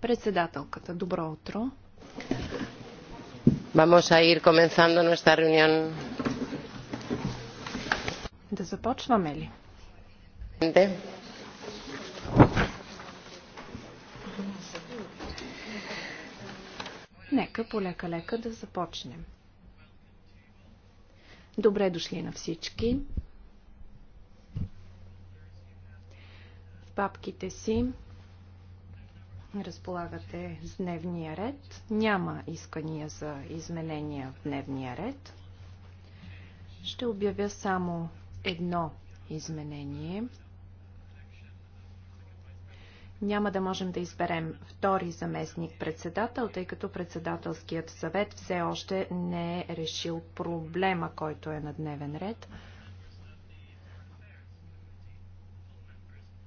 Председателката, добро утро. Vamos a ir comenzando nuestra reunión. Да започваме ли? De. Нека полека-лека да започнем. Добре дошли на всички. папките си разполагате с дневния ред. Няма искания за изменения в дневния ред. Ще обявя само едно изменение. Няма да можем да изберем втори заместник-председател, тъй като председателският съвет все още не е решил проблема, който е на дневен ред.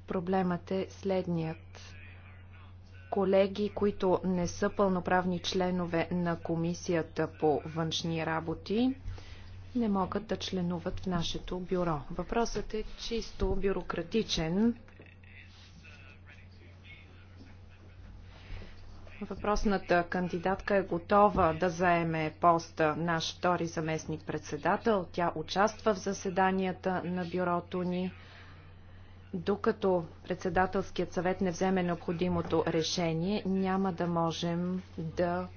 Проблемът е следният. Колеги, които не са пълноправни членове на Комисията по външни работи, не могат да членуват в нашето бюро. Въпросът е чисто бюрократичен. Въпросната кандидатка е готова да заеме поста наш втори заместник председател. Тя участва в заседанията на бюрото ни докато председателският съвет не вземе необходимото решение, няма да можем да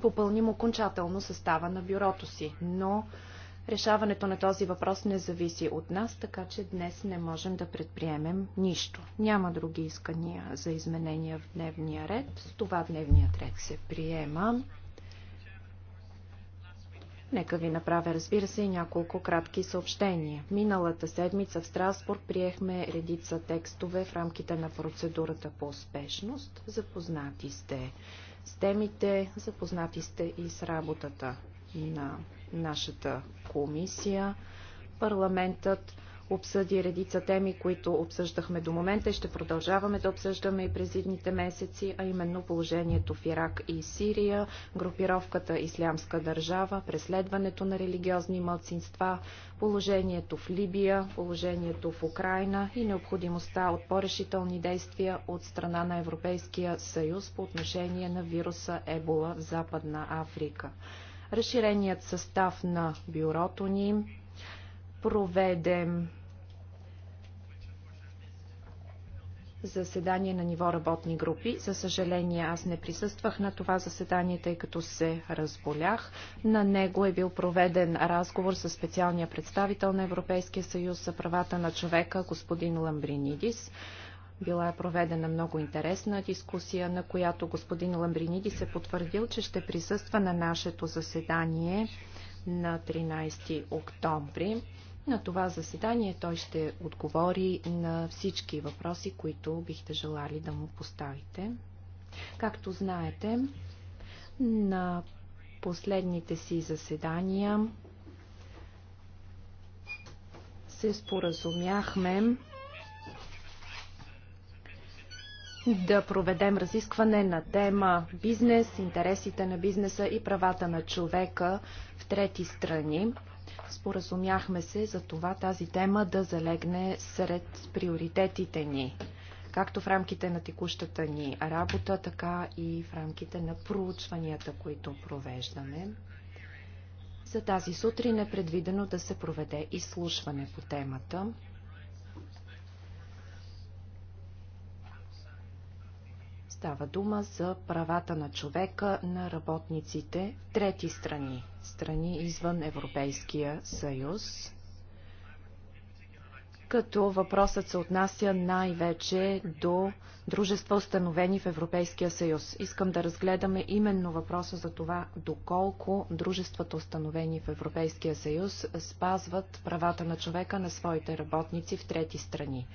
попълним окончателно състава на бюрото си. Но решаването на този въпрос не зависи от нас, така че днес не можем да предприемем нищо. Няма други искания за изменения в дневния ред. С това дневният ред се приема. Нека ви направя, разбира се, и няколко кратки съобщения. Миналата седмица в Страсбург приехме редица текстове в рамките на процедурата по успешност. Запознати сте с темите, запознати сте и с работата на нашата комисия. Парламентът обсъди редица теми, които обсъждахме до момента и ще продължаваме да обсъждаме и през идните месеци, а именно положението в Ирак и Сирия, групировката Ислямска държава, преследването на религиозни мълцинства, положението в Либия, положението в Украина и необходимостта от по-решителни действия от страна на Европейския съюз по отношение на вируса Ебола в Западна Африка. Разширеният състав на бюрото ни Проведем заседание на ниво работни групи. За съжаление, аз не присъствах на това заседание, тъй като се разболях. На него е бил проведен разговор с специалния представител на Европейския съюз за правата на човека, господин Ламбринидис. Била е проведена много интересна дискусия, на която господин Ламбринидис е потвърдил, че ще присъства на нашето заседание на 13 октомври. На това заседание той ще отговори на всички въпроси, които бихте желали да му поставите. Както знаете, на последните си заседания се споразумяхме да проведем разискване на тема бизнес, интересите на бизнеса и правата на човека в трети страни. Споразумяхме се за това тази тема да залегне сред приоритетите ни, както в рамките на текущата ни работа, така и в рамките на проучванията, които провеждаме. За тази сутрин е предвидено да се проведе изслушване по темата. Става дума за правата на човека на работниците в трети страни, страни извън Европейския съюз, като въпросът се отнася най-вече до дружества, установени в Европейския съюз. Искам да разгледаме именно въпроса за това, доколко дружествата, установени в Европейския съюз, спазват правата на човека на своите работници в трети страни.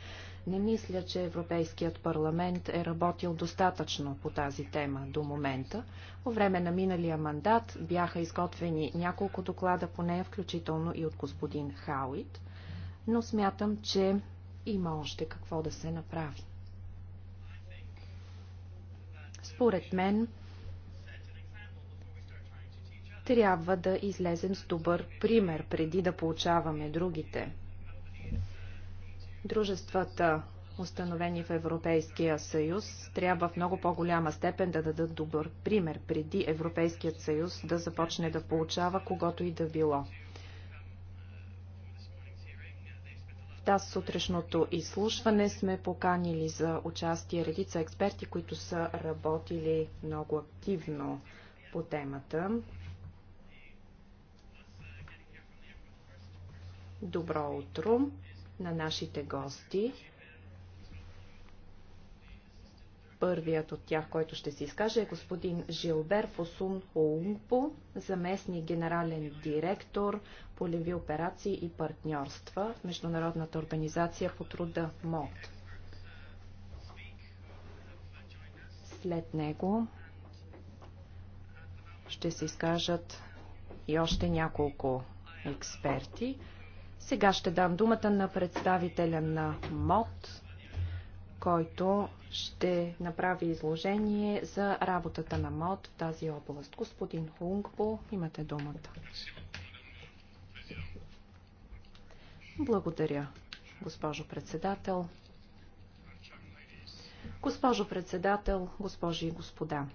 Не мисля, че Европейският парламент е работил достатъчно по тази тема до момента. По време на миналия мандат бяха изготвени няколко доклада по нея, включително и от господин Хауит, но смятам, че има още какво да се направи. Според мен, трябва да излезем с добър пример, преди да получаваме другите Дружествата, установени в Европейския съюз, трябва в много по-голяма степен да дадат добър пример, преди Европейският съюз да започне да получава когото и да било. тази сутрешното изслушване сме поканили за участие редица експерти, които са работили много активно по темата. Добро утро! на нашите гости. Първият от тях, който ще се изкаже, е господин Жилбер Фосун Оумпо, заместник генерален директор по леви операции и партньорства в Международната организация по труда МОД. След него ще се изкажат и още няколко експерти. Сега ще дам думата на представителя на МОД, който ще направи изложение за работата на МОД в тази област. Господин Хунгпо, имате думата. Благодаря, госпожо председател. Госпожо председател, госпожи и господа.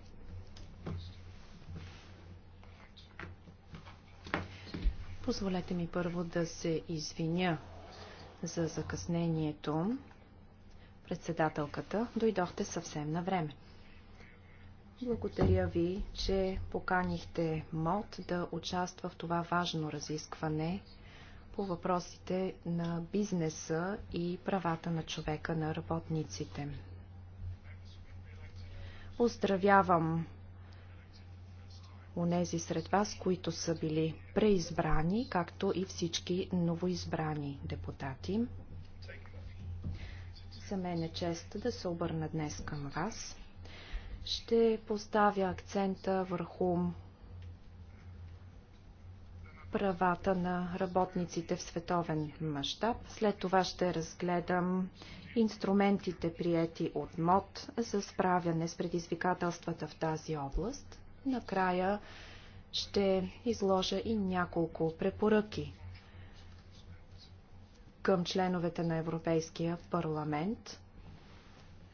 Позволете ми първо да се извиня за закъснението. Председателката, дойдохте съвсем на време. Благодаря ви, че поканихте МОД да участва в това важно разискване по въпросите на бизнеса и правата на човека на работниците. Поздравявам онези сред вас, които са били преизбрани, както и всички новоизбрани депутати. За мен е чест да се обърна днес към вас. Ще поставя акцента върху правата на работниците в световен мащаб. След това ще разгледам инструментите, приети от МОД за справяне с предизвикателствата в тази област. Накрая ще изложа и няколко препоръки към членовете на Европейския парламент.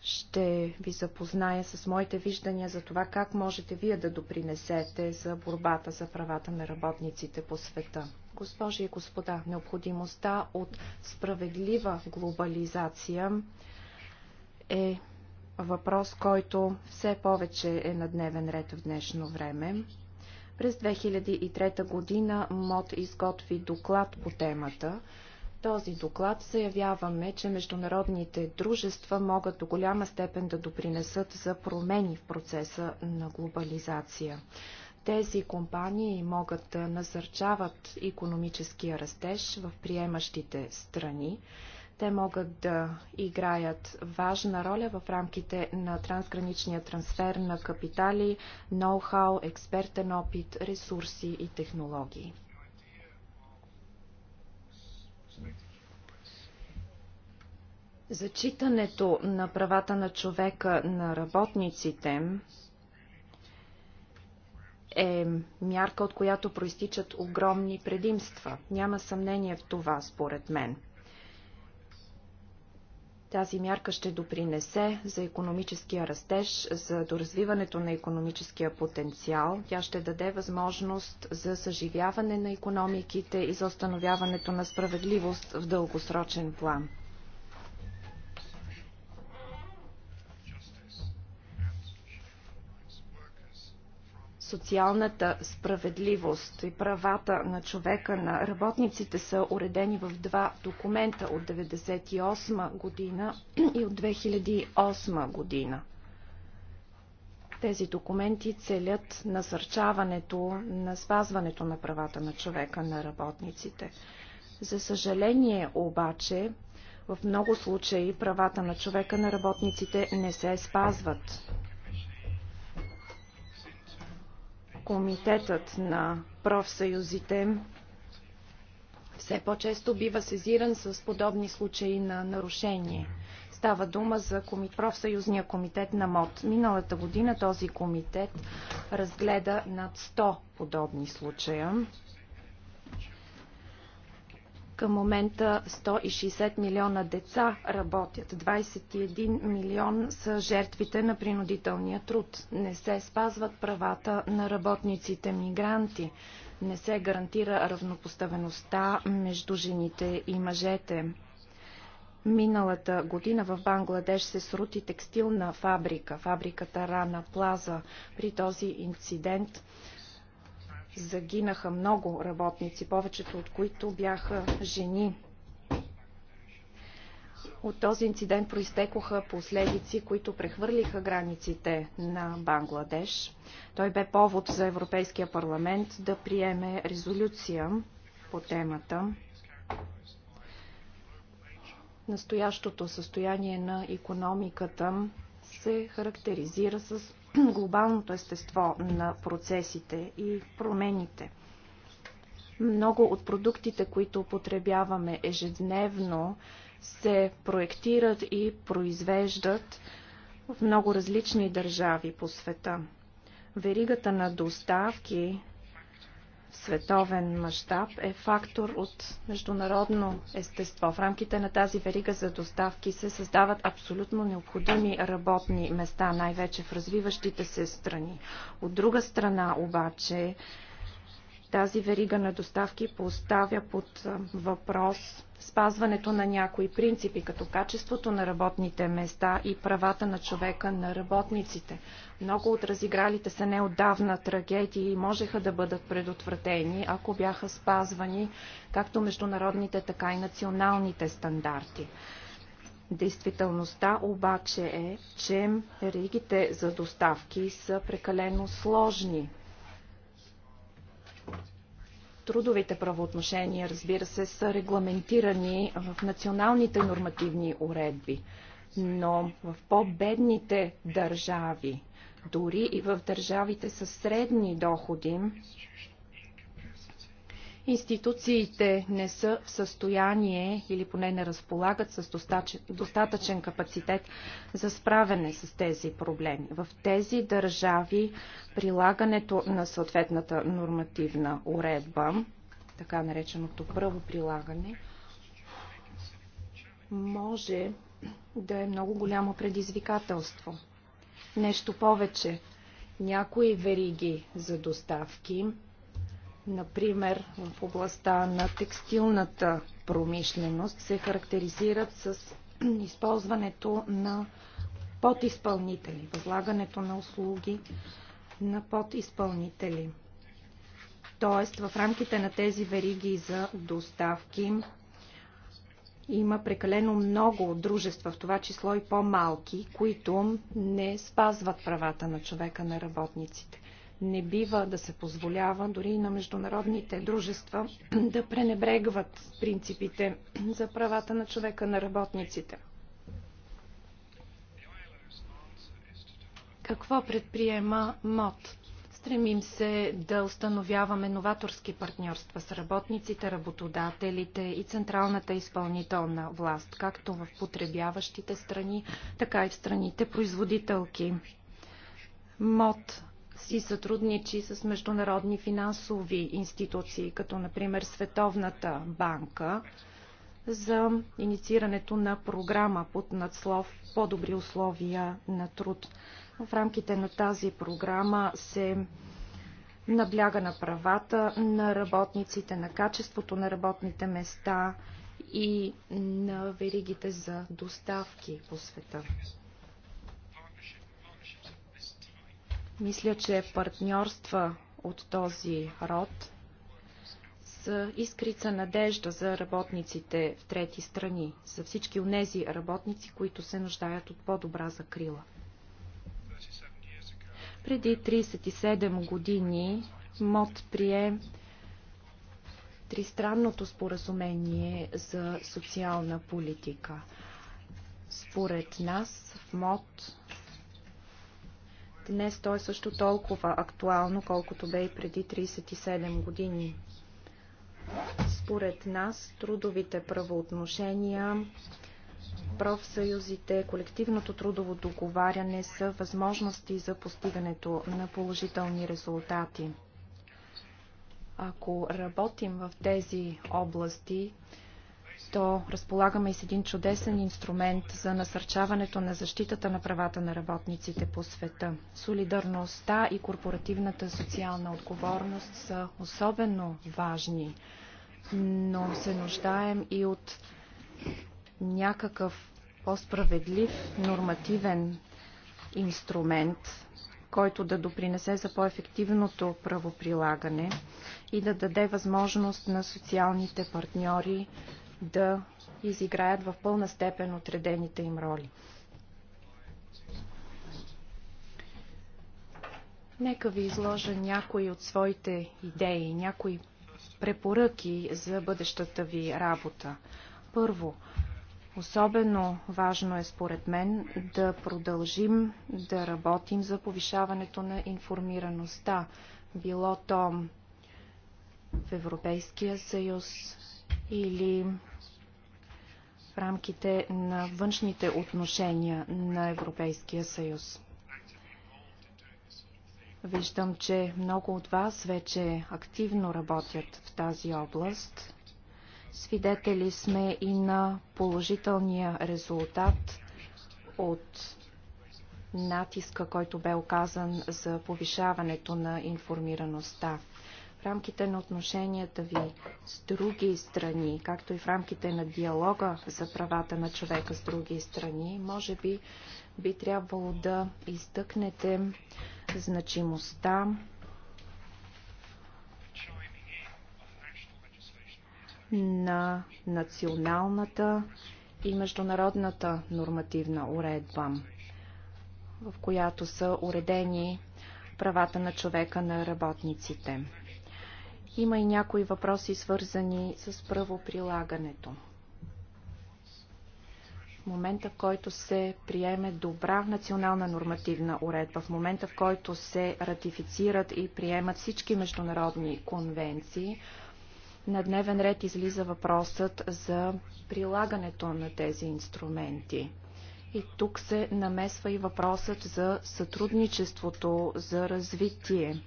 Ще ви запозная с моите виждания за това как можете вие да допринесете за борбата за правата на работниците по света. Госпожи и господа, необходимостта от справедлива глобализация е въпрос, който все повече е на дневен ред в днешно време. През 2003 година МОД изготви доклад по темата. Този доклад заявяваме, че международните дружества могат до голяма степен да допринесат за промени в процеса на глобализация. Тези компании могат да насърчават економическия растеж в приемащите страни, те могат да играят важна роля в рамките на трансграничния трансфер на капитали, ноу-хау, експертен опит, ресурси и технологии. Зачитането на правата на човека на работниците е мярка, от която проистичат огромни предимства. Няма съмнение в това, според мен. Тази мярка ще допринесе за економическия растеж, за доразвиването на економическия потенциал. Тя ще даде възможност за съживяване на економиките и за установяването на справедливост в дългосрочен план. социалната справедливост и правата на човека на работниците са уредени в два документа от 1998 година и от 2008 година. Тези документи целят насърчаването на спазването на правата на човека на работниците. За съжаление обаче, в много случаи правата на човека на работниците не се спазват. Комитетът на профсъюзите все по-често бива сезиран с подобни случаи на нарушение. Става дума за профсъюзния комитет на МОД. Миналата година този комитет разгледа над 100 подобни случая. Към момента 160 милиона деца работят, 21 милион са жертвите на принудителния труд. Не се спазват правата на работниците мигранти. Не се гарантира равнопоставеността между жените и мъжете. Миналата година в Бангладеш се срути текстилна фабрика, фабриката Рана Плаза. При този инцидент загинаха много работници, повечето от които бяха жени. От този инцидент проистекоха последици, които прехвърлиха границите на Бангладеш. Той бе повод за Европейския парламент да приеме резолюция по темата. Настоящото състояние на економиката се характеризира с глобалното естество на процесите и промените. Много от продуктите, които употребяваме ежедневно, се проектират и произвеждат в много различни държави по света. Веригата на доставки световен мащаб е фактор от международно естество. В рамките на тази верига за доставки се създават абсолютно необходими работни места, най-вече в развиващите се страни. От друга страна обаче тази верига на доставки поставя под въпрос спазването на някои принципи, като качеството на работните места и правата на човека на работниците. Много от разигралите се неодавна трагедии можеха да бъдат предотвратени, ако бяха спазвани както международните, така и националните стандарти. Действителността обаче е, че ригите за доставки са прекалено сложни Трудовите правоотношения, разбира се, са регламентирани в националните нормативни уредби, но в по-бедните държави, дори и в държавите с средни доходи, Институциите не са в състояние или поне не разполагат с достатъчен капацитет за справяне с тези проблеми. В тези държави прилагането на съответната нормативна уредба, така нареченото първо прилагане, може да е много голямо предизвикателство. Нещо повече. Някои вериги за доставки например в областта на текстилната промишленост, се характеризират с използването на подизпълнители, възлагането на услуги на подизпълнители. Тоест, в рамките на тези вериги за доставки има прекалено много дружества, в това число и по-малки, които не спазват правата на човека на работниците. Не бива да се позволява дори и на международните дружества да пренебрегват принципите за правата на човека на работниците. Какво предприема МОД? Стремим се да установяваме новаторски партньорства с работниците, работодателите и централната изпълнителна власт, както в потребяващите страни, така и в страните производителки. МОД си сътрудничи с международни финансови институции, като например Световната банка, за инициирането на програма под надслов По-добри условия на труд. В рамките на тази програма се набляга на правата на работниците, на качеството на работните места и на веригите за доставки по света. Мисля, че партньорства от този род са искрица надежда за работниците в трети страни, за всички унези работници, които се нуждаят от по-добра закрила. Преди 37 години МОД прие тристранното споразумение за социална политика. Според нас в МОД Днес то е също толкова актуално, колкото бе и преди 37 години. Според нас, трудовите правоотношения, профсъюзите, колективното трудово договаряне са възможности за постигането на положителни резултати. Ако работим в тези области, то разполагаме и с един чудесен инструмент за насърчаването на защитата на правата на работниците по света. Солидарността и корпоративната социална отговорност са особено важни, но се нуждаем и от някакъв по-справедлив нормативен инструмент, който да допринесе за по-ефективното правоприлагане и да даде възможност на социалните партньори да изиграят в пълна степен отредените им роли. Нека ви изложа някои от своите идеи, някои препоръки за бъдещата ви работа. Първо, Особено важно е според мен да продължим да работим за повишаването на информираността, било то в Европейския съюз или в рамките на външните отношения на Европейския съюз. Виждам, че много от вас вече активно работят в тази област. Свидетели сме и на положителния резултат от натиска, който бе оказан за повишаването на информираността в рамките на отношенията ви с други страни, както и в рамките на диалога за правата на човека с други страни, може би би трябвало да изтъкнете значимостта на националната и международната нормативна уредба, в която са уредени правата на човека на работниците. Има и някои въпроси, свързани с правоприлагането. В момента, в който се приеме добра национална нормативна уредба, в момента, в който се ратифицират и приемат всички международни конвенции, на дневен ред излиза въпросът за прилагането на тези инструменти. И тук се намесва и въпросът за сътрудничеството за развитие.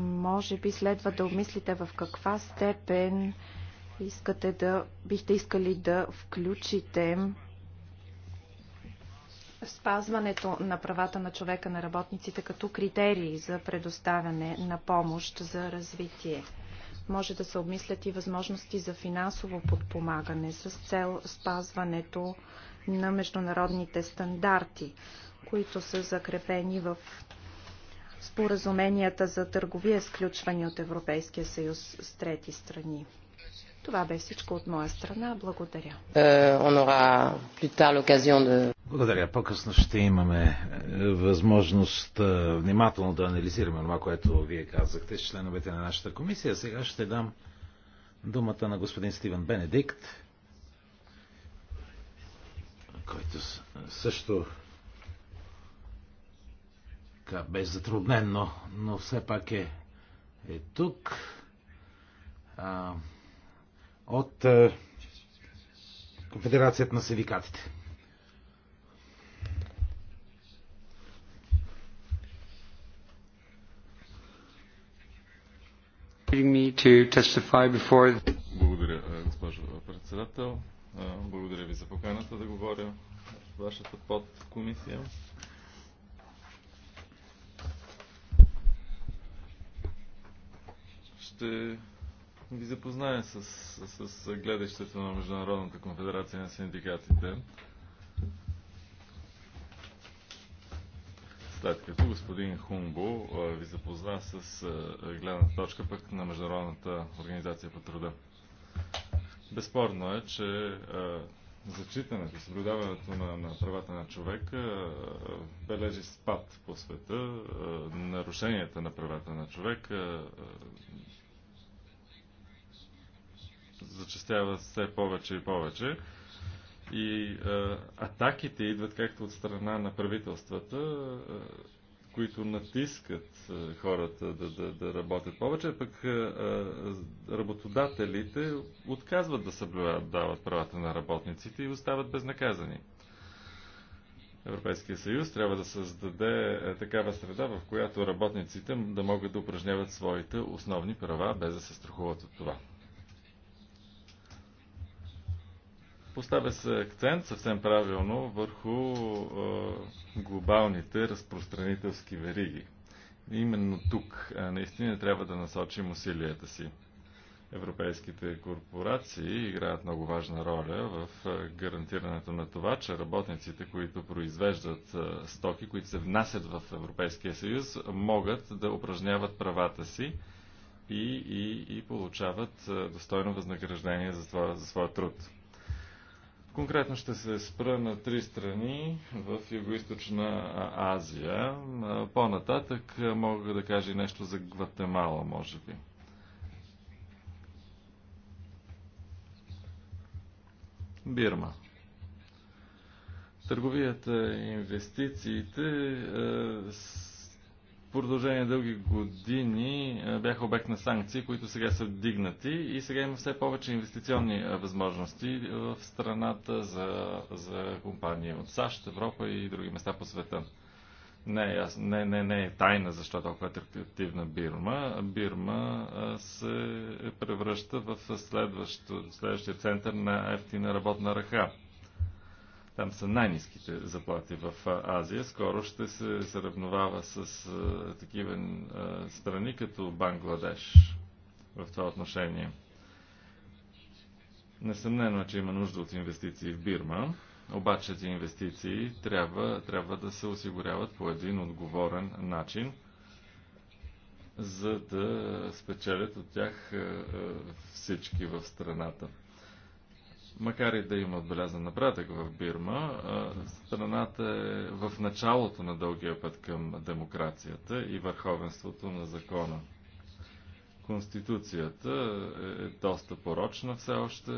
Може би следва да обмислите в каква степен искате да, бихте искали да включите спазването на правата на човека на работниците като критерии за предоставяне на помощ за развитие. Може да се обмислят и възможности за финансово подпомагане с цел спазването на международните стандарти, които са закрепени в споразуменията за търговия, сключвани от Европейския съюз с трети страни. Това бе всичко от моя страна. Благодаря. Е, Благодаря. По-късно ще имаме е, възможност е, внимателно да анализираме това, което вие казахте с членовете на нашата комисия. Сега ще дам думата на господин Стивен Бенедикт, който също така беззатруднен, но, но все пак е, е тук. А, от а, Конфедерацията на синдикатите. Благодаря, госпожо председател. Благодаря ви за поканата да говоря в вашата подкомисия. ще ви запознаем с, с, с гледащето на Международната конфедерация на синдикатите. след като господин Хунго ви запозна с гледната точка пък на Международната организация по труда. Безспорно е, че зачитането, съблюдаването на, на правата на човека бележи спад по света. Нарушенията на правата на човека зачастява все повече и повече. И а, атаките идват както от страна на правителствата, а, които натискат а, хората да, да, да работят повече, пък а, работодателите отказват да съблюдават дават правата на работниците и остават безнаказани. Европейския съюз трябва да създаде е, такава среда, в която работниците да могат да упражняват своите основни права, без да се страхуват от това. Поставя се акцент съвсем правилно върху е, глобалните разпространителски вериги. Именно тук е, наистина трябва да насочим усилията си. Европейските корпорации играят много важна роля в гарантирането на това, че работниците, които произвеждат стоки, които се внасят в Европейския съюз, могат да упражняват правата си и, и, и получават достойно възнаграждение за, това, за своя труд. Конкретно ще се спра на три страни в Юго-Источна Азия. По-нататък мога да кажа и нещо за Гватемала, може би. Бирма. Търговията и инвестициите е, продължение на дълги години бяха обект на санкции, които сега са вдигнати и сега има все повече инвестиционни възможности в страната за, за компании от САЩ, Европа и други места по света. Не, е не, не, не е тайна защо е толкова атрактивна Бирма. Бирма се превръща в следващия център на ефтина работна ръка там са най-низките заплати в Азия. Скоро ще се заравновава с такива страни като Бангладеш в това отношение. Несъмнено е, че има нужда от инвестиции в Бирма, обаче тези инвестиции трябва, трябва да се осигуряват по един отговорен начин, за да спечелят от тях всички в страната макар и да има отбелязан напредък в Бирма, страната е в началото на дългия път към демокрацията и върховенството на закона. Конституцията е, е доста порочна все още.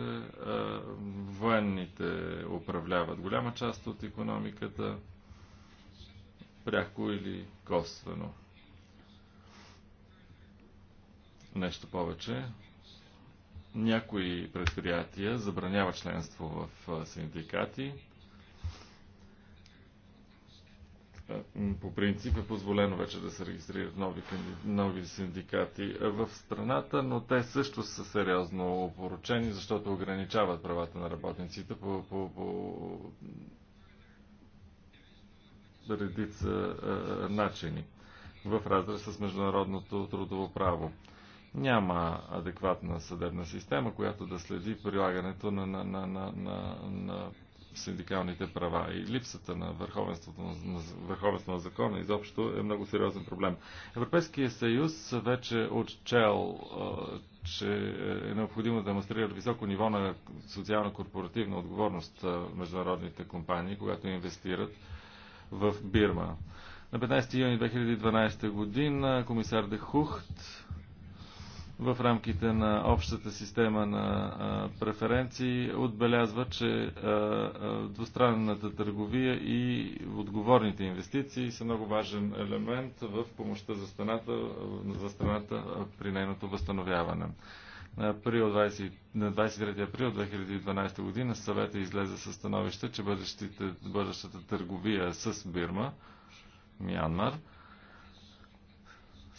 Военните управляват голяма част от економиката, пряко или косвено. Нещо повече. Някои предприятия забранява членство в синдикати. По принцип е позволено вече да се регистрират нови, нови синдикати в страната, но те също са сериозно опоручени, защото ограничават правата на работниците по, по, по редица е, начини в разрез с международното трудово право. Няма адекватна съдебна система, която да следи прилагането на, на, на, на, на, на синдикалните права и липсата на върховенството на, върховенство на закона изобщо е много сериозен проблем. Европейския съюз вече отчел, че е необходимо да демонстрират високо ниво на социална корпоративна отговорност международните компании, когато инвестират в Бирма. На 15 юни 2012 година комисар Дехухт в рамките на общата система на преференции отбелязва, че двустранната търговия и отговорните инвестиции са много важен елемент в помощта за страната, за страната при нейното възстановяване. На, 23 април 2012 година съвета излезе със становище, че бъдещата търговия с Бирма, Мянмар,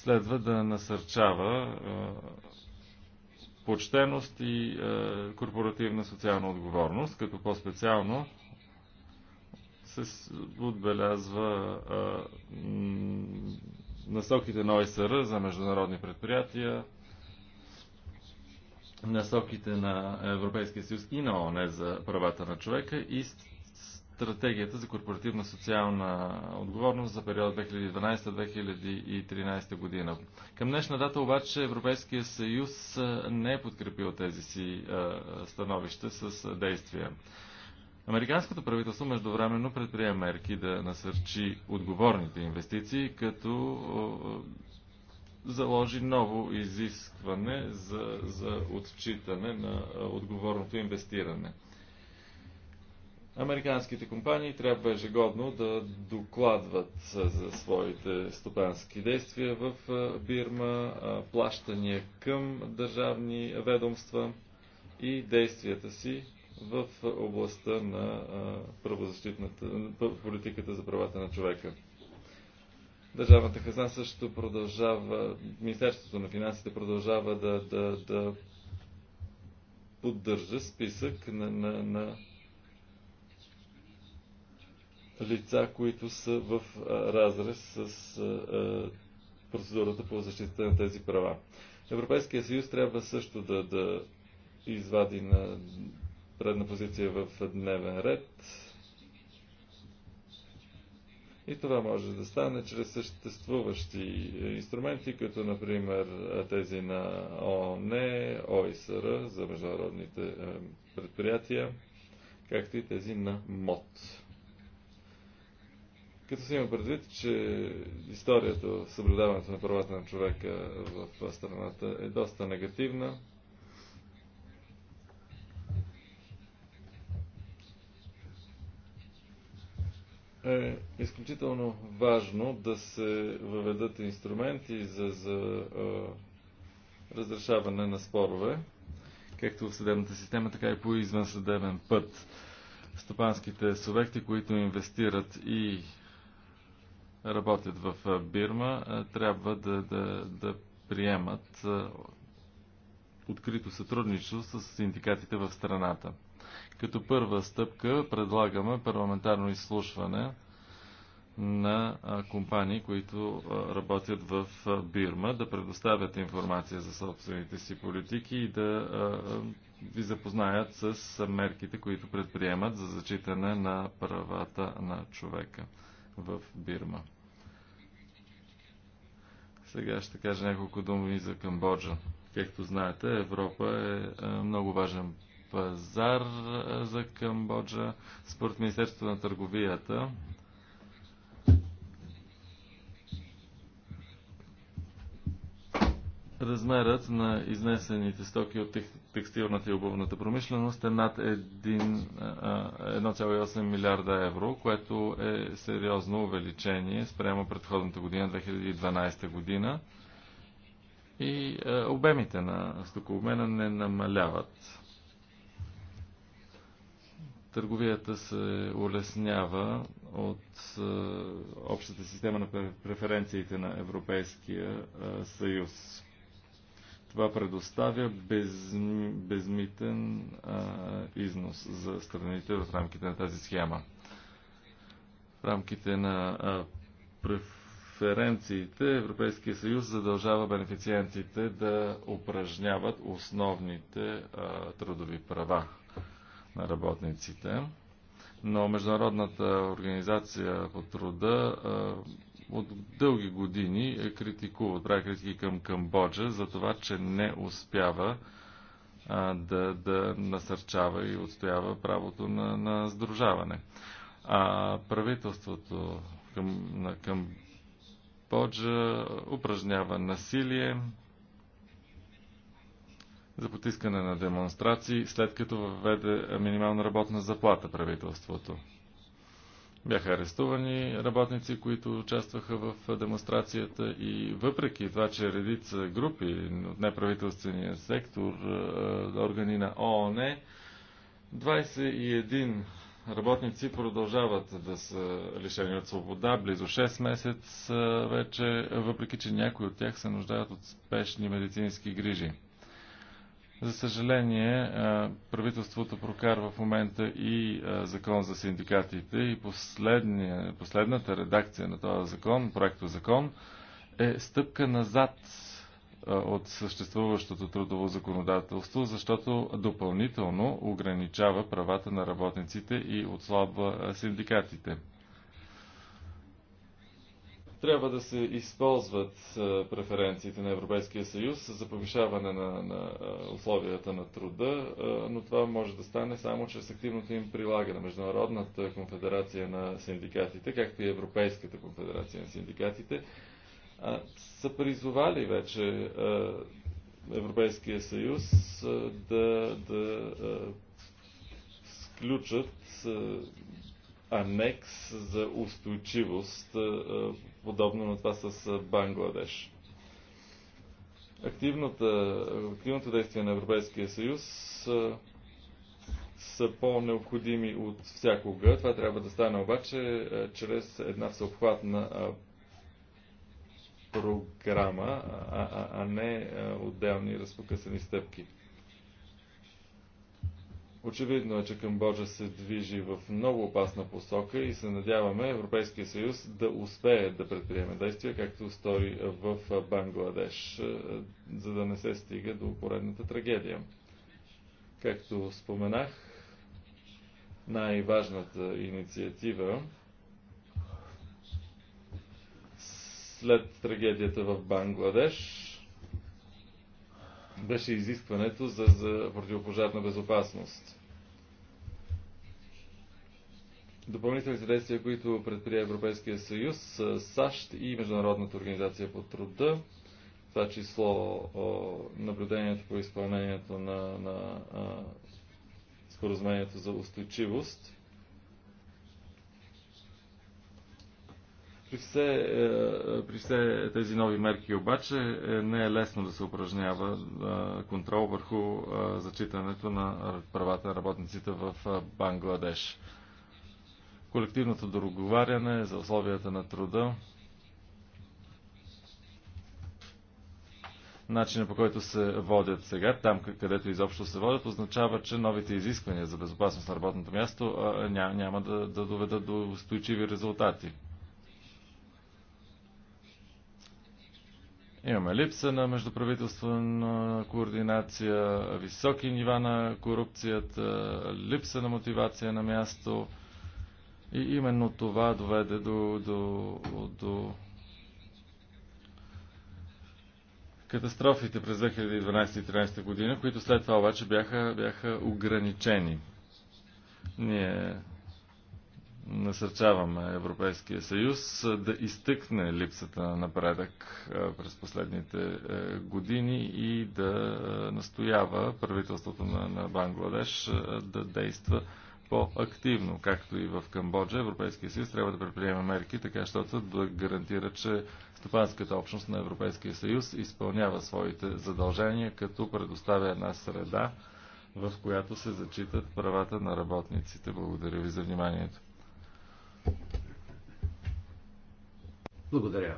следва да насърчава почтеност и корпоративна социална отговорност, като по-специално се отбелязва насоките на ОСР за международни предприятия, насоките на Европейския съюз и на ОНЕ за правата на човека и стратегията за корпоративна социална отговорност за период 2012-2013 година. Към днешна дата обаче Европейския съюз не е подкрепил тези си становища с действия. Американското правителство междувременно предприема мерки да насърчи отговорните инвестиции, като заложи ново изискване за, за отчитане на отговорното инвестиране. Американските компании трябва ежегодно да докладват за своите стопански действия в Бирма, плащания към държавни ведомства и действията си в областта на правозащитната, политиката за правата на човека. Държавната хазна също продължава, Министерството на финансите продължава да, да, да поддържа списък на, на, на лица, които са в разрез с процедурата по защита на тези права. Европейския съюз трябва също да, да извади на предна позиция в дневен ред. И това може да стане чрез съществуващи инструменти, като например тези на ООН, ОИСР за международните е, предприятия, както и тези на МОД. Като се има предвид, че историята в съблюдаването на правата на човека в страната е доста негативна, е изключително важно да се въведат инструменти за, за е, разрешаване на спорове, както в съдебната система, така и по съдебен път. Стопанските субекти, които инвестират и работят в Бирма, трябва да, да, да приемат открито сътрудничество с синдикатите в страната. Като първа стъпка предлагаме парламентарно изслушване на компании, които работят в Бирма, да предоставят информация за собствените си политики и да ви запознаят с мерките, които предприемат за зачитане на правата на човека в Бирма. Сега ще кажа няколко думи за Камбоджа. Както знаете, Европа е, е много важен пазар е, за Камбоджа. Според Министерството на търговията Размерът на изнесените стоки от текстилната и обувната промишленост е над 1,8 милиарда евро, което е сериозно увеличение спрямо предходната година, 2012 година. И обемите на стокообмена не намаляват. Търговията се улеснява от общата система на преференциите на Европейския съюз това предоставя без, безмитен а, износ за страните в рамките на тази схема. В рамките на а, преференциите Европейския съюз задължава бенефициентите да упражняват основните а, трудови права на работниците но Международната организация по труда от дълги години е критикува, прави критики към Камбоджа за това, че не успява а, да, да насърчава и отстоява правото на, на сдружаване. А правителството към, на Камбоджа упражнява насилие за потискане на демонстрации, след като въведе минимална работна заплата правителството. Бяха арестувани работници, които участваха в демонстрацията и въпреки това, че редица групи от неправителствения сектор, е, органи на ООН, 21 работници продължават да са лишени от свобода близо 6 месец вече, въпреки че някои от тях се нуждаят от спешни медицински грижи. За съжаление, правителството прокарва в момента и закон за синдикатите и последната редакция на този закон, проекто закон, е стъпка назад от съществуващото трудово законодателство, защото допълнително ограничава правата на работниците и отслабва синдикатите. Трябва да се използват преференциите на Европейския съюз за повишаване на, на условията на труда, но това може да стане само чрез активното им прилагане. Международната конфедерация на синдикатите, както и Европейската конфедерация на синдикатите, са призовали вече Европейския съюз да, да сключат анекс за устойчивост, подобно на това с Бангладеш. Активната, активното действие на Европейския съюз са по-необходими от всякога. Това трябва да стане обаче чрез една всеобхватна програма, а, а, а не отделни разпокъсани стъпки. Очевидно е, че Камбоджа се движи в много опасна посока и се надяваме Европейския съюз да успее да предприеме действия, както стори в Бангладеш, е, за да не се стига до поредната трагедия. Както споменах, най-важната инициатива след трагедията в Бангладеш беше изискването за, за противопожарна безопасност. допълнителните действия, които предприе Европейския съюз, САЩ и Международната организация по труда, това число наблюдението по изпълнението на, на споразумението за устойчивост. При все, е, при все тези нови мерки обаче е, не е лесно да се упражнява контрол върху зачитането на правата на работниците в Бангладеш колективното договаряне, за условията на труда, начина по който се водят сега, там където изобщо се водят, означава, че новите изисквания за безопасност на работното място няма да, да доведат до устойчиви резултати. Имаме липса на междуправителствена координация, високи нива на корупцията, липса на мотивация на място, и именно това доведе до, до, до катастрофите през 2012-2013 година, които след това обаче бяха, бяха ограничени. Ние насърчаваме Европейския съюз да изтъкне липсата на напредък през последните години и да настоява правителството на, на Бангладеш да действа по-активно, както и в Камбоджа. Европейския съюз трябва да предприема мерки, така щото да гарантира, че стопанската общност на Европейския съюз изпълнява своите задължения, като предоставя една среда, в която се зачитат правата на работниците. Благодаря ви за вниманието. Благодаря.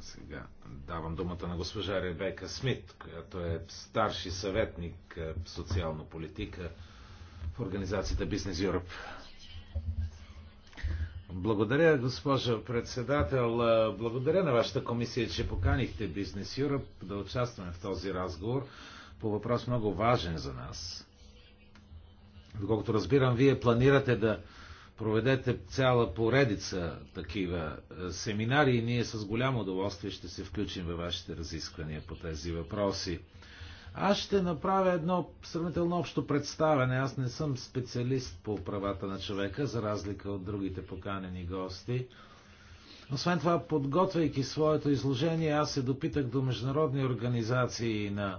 Сега давам думата на госпожа Ребека Смит, която е старши съветник е, в социална политика в организацията Бизнес Юроп. Благодаря, госпожо председател. Благодаря на вашата комисия, че поканихте Бизнес Юроп да участваме в този разговор по въпрос много важен за нас. Доколкото разбирам, вие планирате да проведете цяла поредица такива е, семинари и ние с голямо удоволствие ще се включим във вашите разисквания по тези въпроси. Аз ще направя едно сравнително общо представяне. Аз не съм специалист по правата на човека, за разлика от другите поканени гости. Освен това, подготвяйки своето изложение, аз се допитах до международни организации на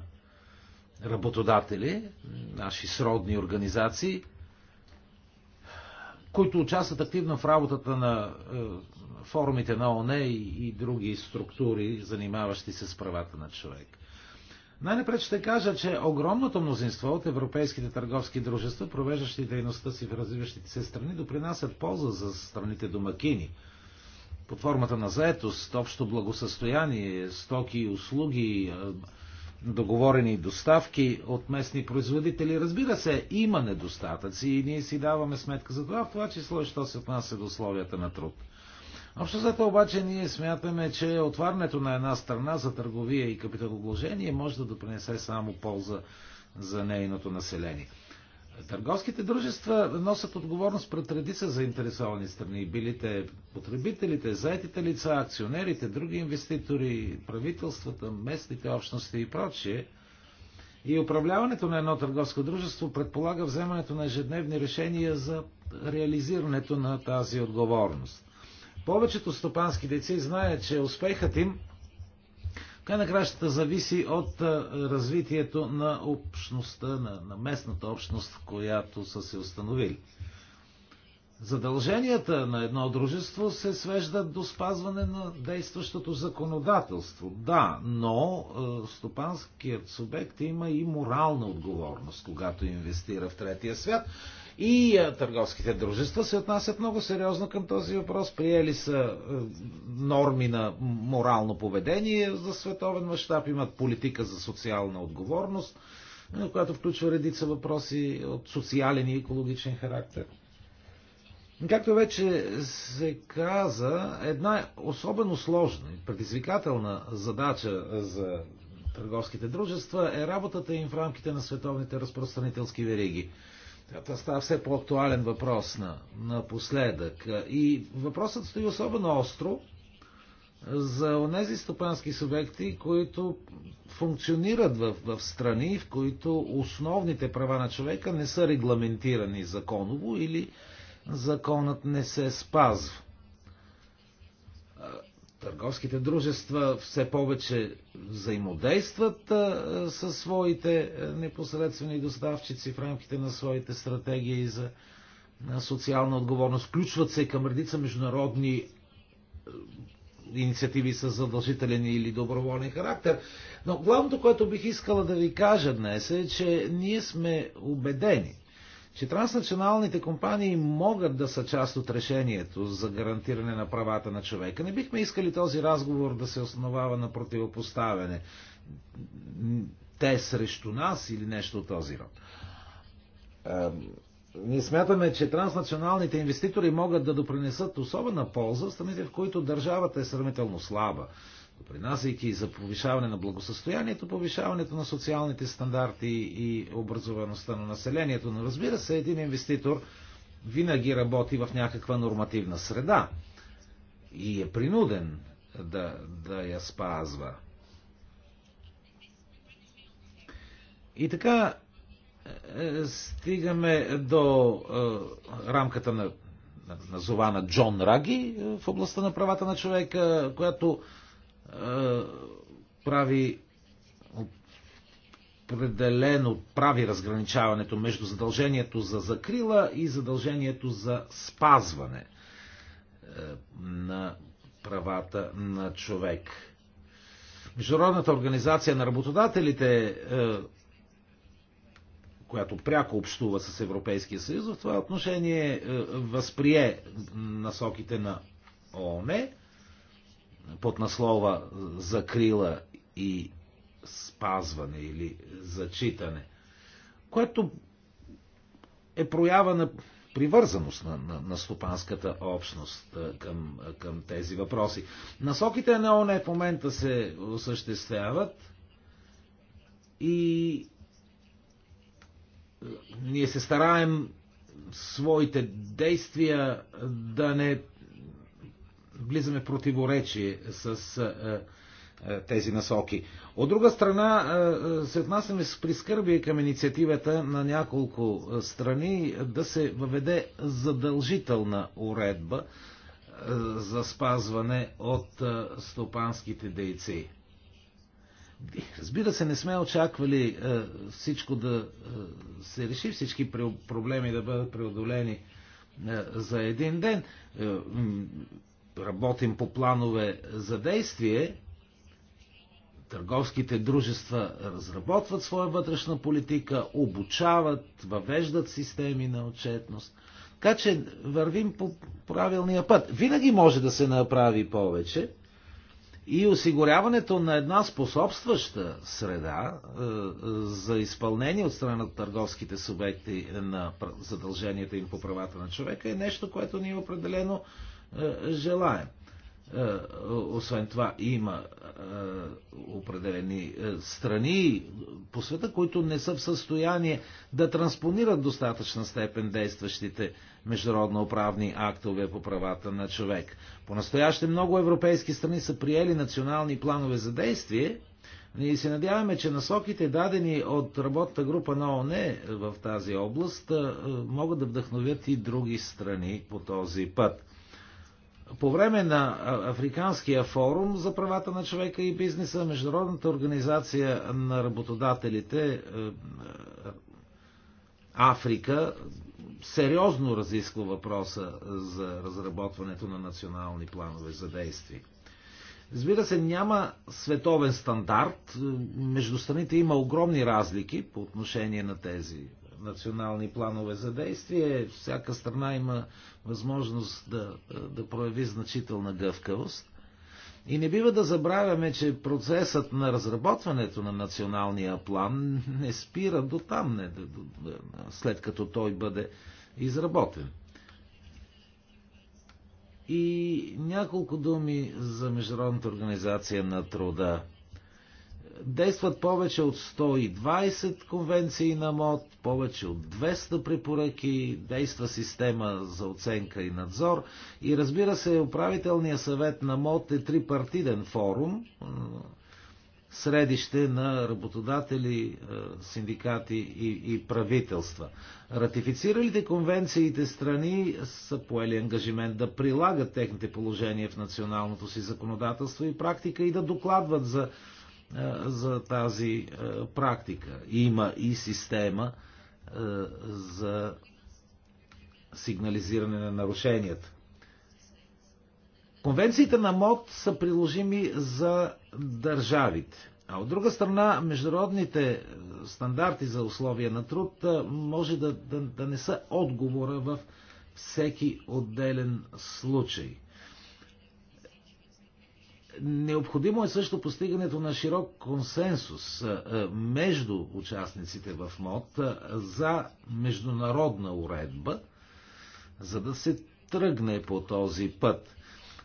работодатели, наши сродни организации, които участват активно в работата на е, форумите на ОНЕ и, и други структури, занимаващи се с правата на човека. Най-напред ще кажа, че огромното мнозинство от европейските търговски дружества, провеждащи дейността си в развиващите се страни, допринасят полза за страните домакини. Под формата на заетост, общо благосъстояние, стоки и услуги, е, договорени доставки от местни производители. Разбира се, има недостатъци и ние си даваме сметка за това, в това число и що се отнася до условията на труд. Общо зато обаче ние смятаме, че отварянето на една страна за търговия и капиталовложение може да допринесе само полза за нейното население. Търговските дружества носят отговорност пред редица заинтересовани страни, билите потребителите, заетите лица, акционерите, други инвеститори, правителствата, местните общности и прочие. И управляването на едно търговско дружество предполага вземането на ежедневни решения за реализирането на тази отговорност. Повечето стопански деца знаят, че успехът им край на кращата зависи от развитието на общността, на, на местната общност, в която са се установили. Задълженията на едно дружество се свеждат до спазване на действащото законодателство. Да, но е, стопанският субект има и морална отговорност, когато инвестира в третия свят. И търговските дружества се отнасят много сериозно към този въпрос. Приели са норми на морално поведение за световен мащаб, имат политика за социална отговорност, която включва редица въпроси от социален и екологичен характер. Както вече се каза, една особено сложна и предизвикателна задача за търговските дружества е работата им в рамките на световните разпространителски вериги. Това става все по-актуален въпрос на, напоследък. И въпросът стои особено остро за онези стопански субекти, които функционират в, в страни, в които основните права на човека не са регламентирани законово или законът не се спазва търговските дружества все повече взаимодействат със своите непосредствени доставчици в рамките на своите стратегии за социална отговорност. Включват се към редица международни инициативи с задължителен или доброволен характер. Но главното, което бих искала да ви кажа днес е, че ние сме убедени, че транснационалните компании могат да са част от решението за гарантиране на правата на човека. Не бихме искали този разговор да се основава на противопоставяне. Те срещу нас или нещо от този род. Ние смятаме, че транснационалните инвеститори могат да допринесат особена полза в страните, в които държавата е сравнително слаба допринасяйки за повишаване на благосъстоянието, повишаването на социалните стандарти и образоваността на населението. Но разбира се, един инвеститор винаги работи в някаква нормативна среда и е принуден да, да я спазва. И така е, е, стигаме до е, рамката на, на, на зована Джон Раги е, в областта на правата на човека, която е, прави определено прави разграничаването между задължението за закрила и задължението за спазване е, на правата на човек. Международната организация на работодателите, е, която пряко общува с Европейския съюз, в това отношение възприе насоките на ООН под наслова закрила и спазване или зачитане, което е проява на привързаност на, на, на стопанската общност към, към тези въпроси. Насоките на ОНЕ в момента се осъществяват и ние се стараем своите действия да не влизаме в противоречие с е, е, тези насоки. От друга страна, е, се отнасяме с прискърбие към инициативата на няколко страни да се въведе задължителна уредба за спазване от стопанските дейци. Разбира се, не сме очаквали всичко да се реши, всички проблеми да бъдат преодолени за един ден работим по планове за действие, търговските дружества разработват своя вътрешна политика, обучават, въвеждат системи на отчетност. Така че вървим по правилния път. Винаги може да се направи повече и осигуряването на една способстваща среда е, за изпълнение от страна на търговските субекти на задълженията им по правата на човека е нещо, което ние определено е, желаем. Е, освен това има е, определени страни по света, които не са в състояние да транспонират достатъчна степен действащите международно-правни актове по правата на човек. По-настояще много европейски страни са приели национални планове за действие, ние се надяваме, че насоките, дадени от работната група на ОНЕ в тази област, могат да вдъхновят и други страни по този път. По време на Африканския форум за правата на човека и бизнеса, Международната организация на работодателите е, е, Африка сериозно разисква въпроса за разработването на национални планове за действие. Разбира се, няма световен стандарт. Между страните има огромни разлики по отношение на тези национални планове за действие. Всяка страна има възможност да, да прояви значителна гъвкавост. И не бива да забравяме, че процесът на разработването на националния план не спира до там, не, след като той бъде изработен. И няколко думи за Международната организация на труда – Действат повече от 120 конвенции на МОД, повече от 200 препоръки, действа система за оценка и надзор и разбира се, управителният съвет на МОД е трипартиден форум, средище на работодатели, синдикати и, и правителства. Ратифициралите конвенциите страни са поели ангажимент да прилагат техните положения в националното си законодателство и практика и да докладват за за тази практика. Има и система за сигнализиране на нарушенията. Конвенциите на МОД са приложими за държавите. А от друга страна, международните стандарти за условия на труд може да, да, да не са отговора в всеки отделен случай. Необходимо е също постигането на широк консенсус между участниците в МОД за международна уредба, за да се тръгне по този път.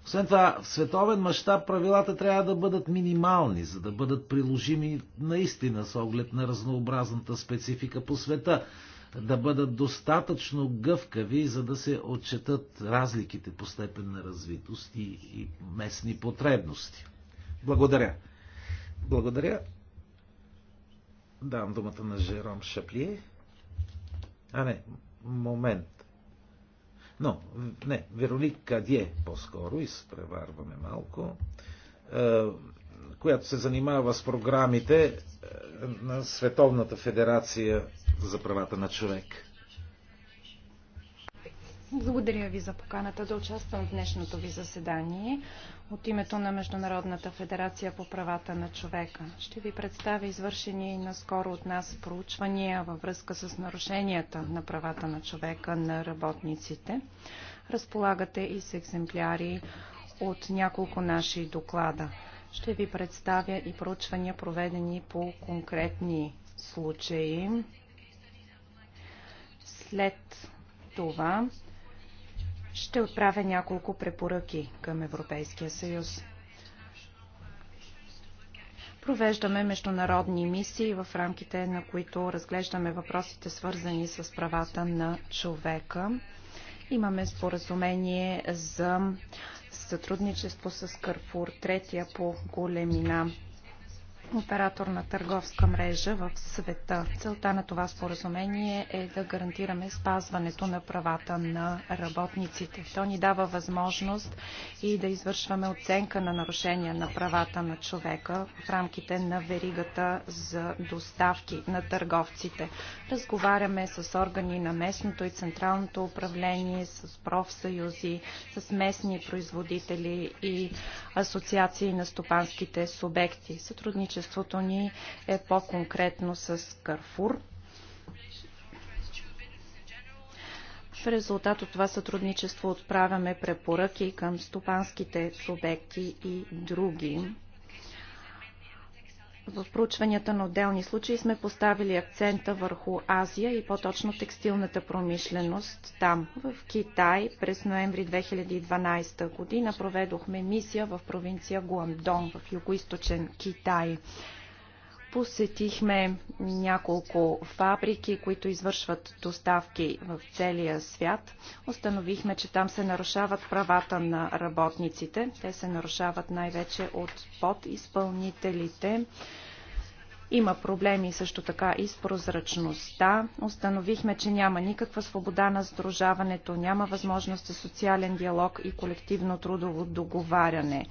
Освен това, в световен мащаб правилата трябва да бъдат минимални, за да бъдат приложими наистина с оглед на разнообразната специфика по света да бъдат достатъчно гъвкави, за да се отчетат разликите по степен на развитост и, и местни потребности. Благодаря. Благодаря. Давам думата на Жером Шаплие. А не, момент. Но, не, Вероник Кадие по-скоро, изпреварваме малко, е, която се занимава с програмите е, на Световната федерация за правата на човек. Благодаря ви за поканата да участвам в днешното ви заседание от името на Международната федерация по правата на човека. Ще ви представя извършени наскоро от нас проучвания във връзка с нарушенията на правата на човека на работниците. Разполагате и с екземпляри от няколко наши доклада. Ще ви представя и проучвания, проведени по конкретни случаи след това ще отправя няколко препоръки към Европейския съюз. Провеждаме международни мисии, в рамките на които разглеждаме въпросите свързани с правата на човека. Имаме споразумение за сътрудничество с Карфур, третия по големина оператор на търговска мрежа в света. Целта на това споразумение е да гарантираме спазването на правата на работниците. То ни дава възможност и да извършваме оценка на нарушения на правата на човека в рамките на веригата за доставки на търговците. Разговаряме с органи на местното и централното управление, с профсъюзи, с местни производители и асоциации на стопанските субекти. Сътрудничаме сътрудничеството ни е по-конкретно с Карфур. В резултат от това сътрудничество отправяме препоръки към стопанските субекти и други. В проучванията на отделни случаи сме поставили акцента върху Азия и по-точно текстилната промишленост там. В Китай през ноември 2012 година проведохме мисия в провинция Гуандон в югоисточен Китай. Посетихме няколко фабрики, които извършват доставки в целия свят. Установихме, че там се нарушават правата на работниците. Те се нарушават най-вече от подизпълнителите. Има проблеми също така и с прозрачността. Установихме, че няма никаква свобода на сдружаването, няма възможност за социален диалог и колективно трудово договаряне.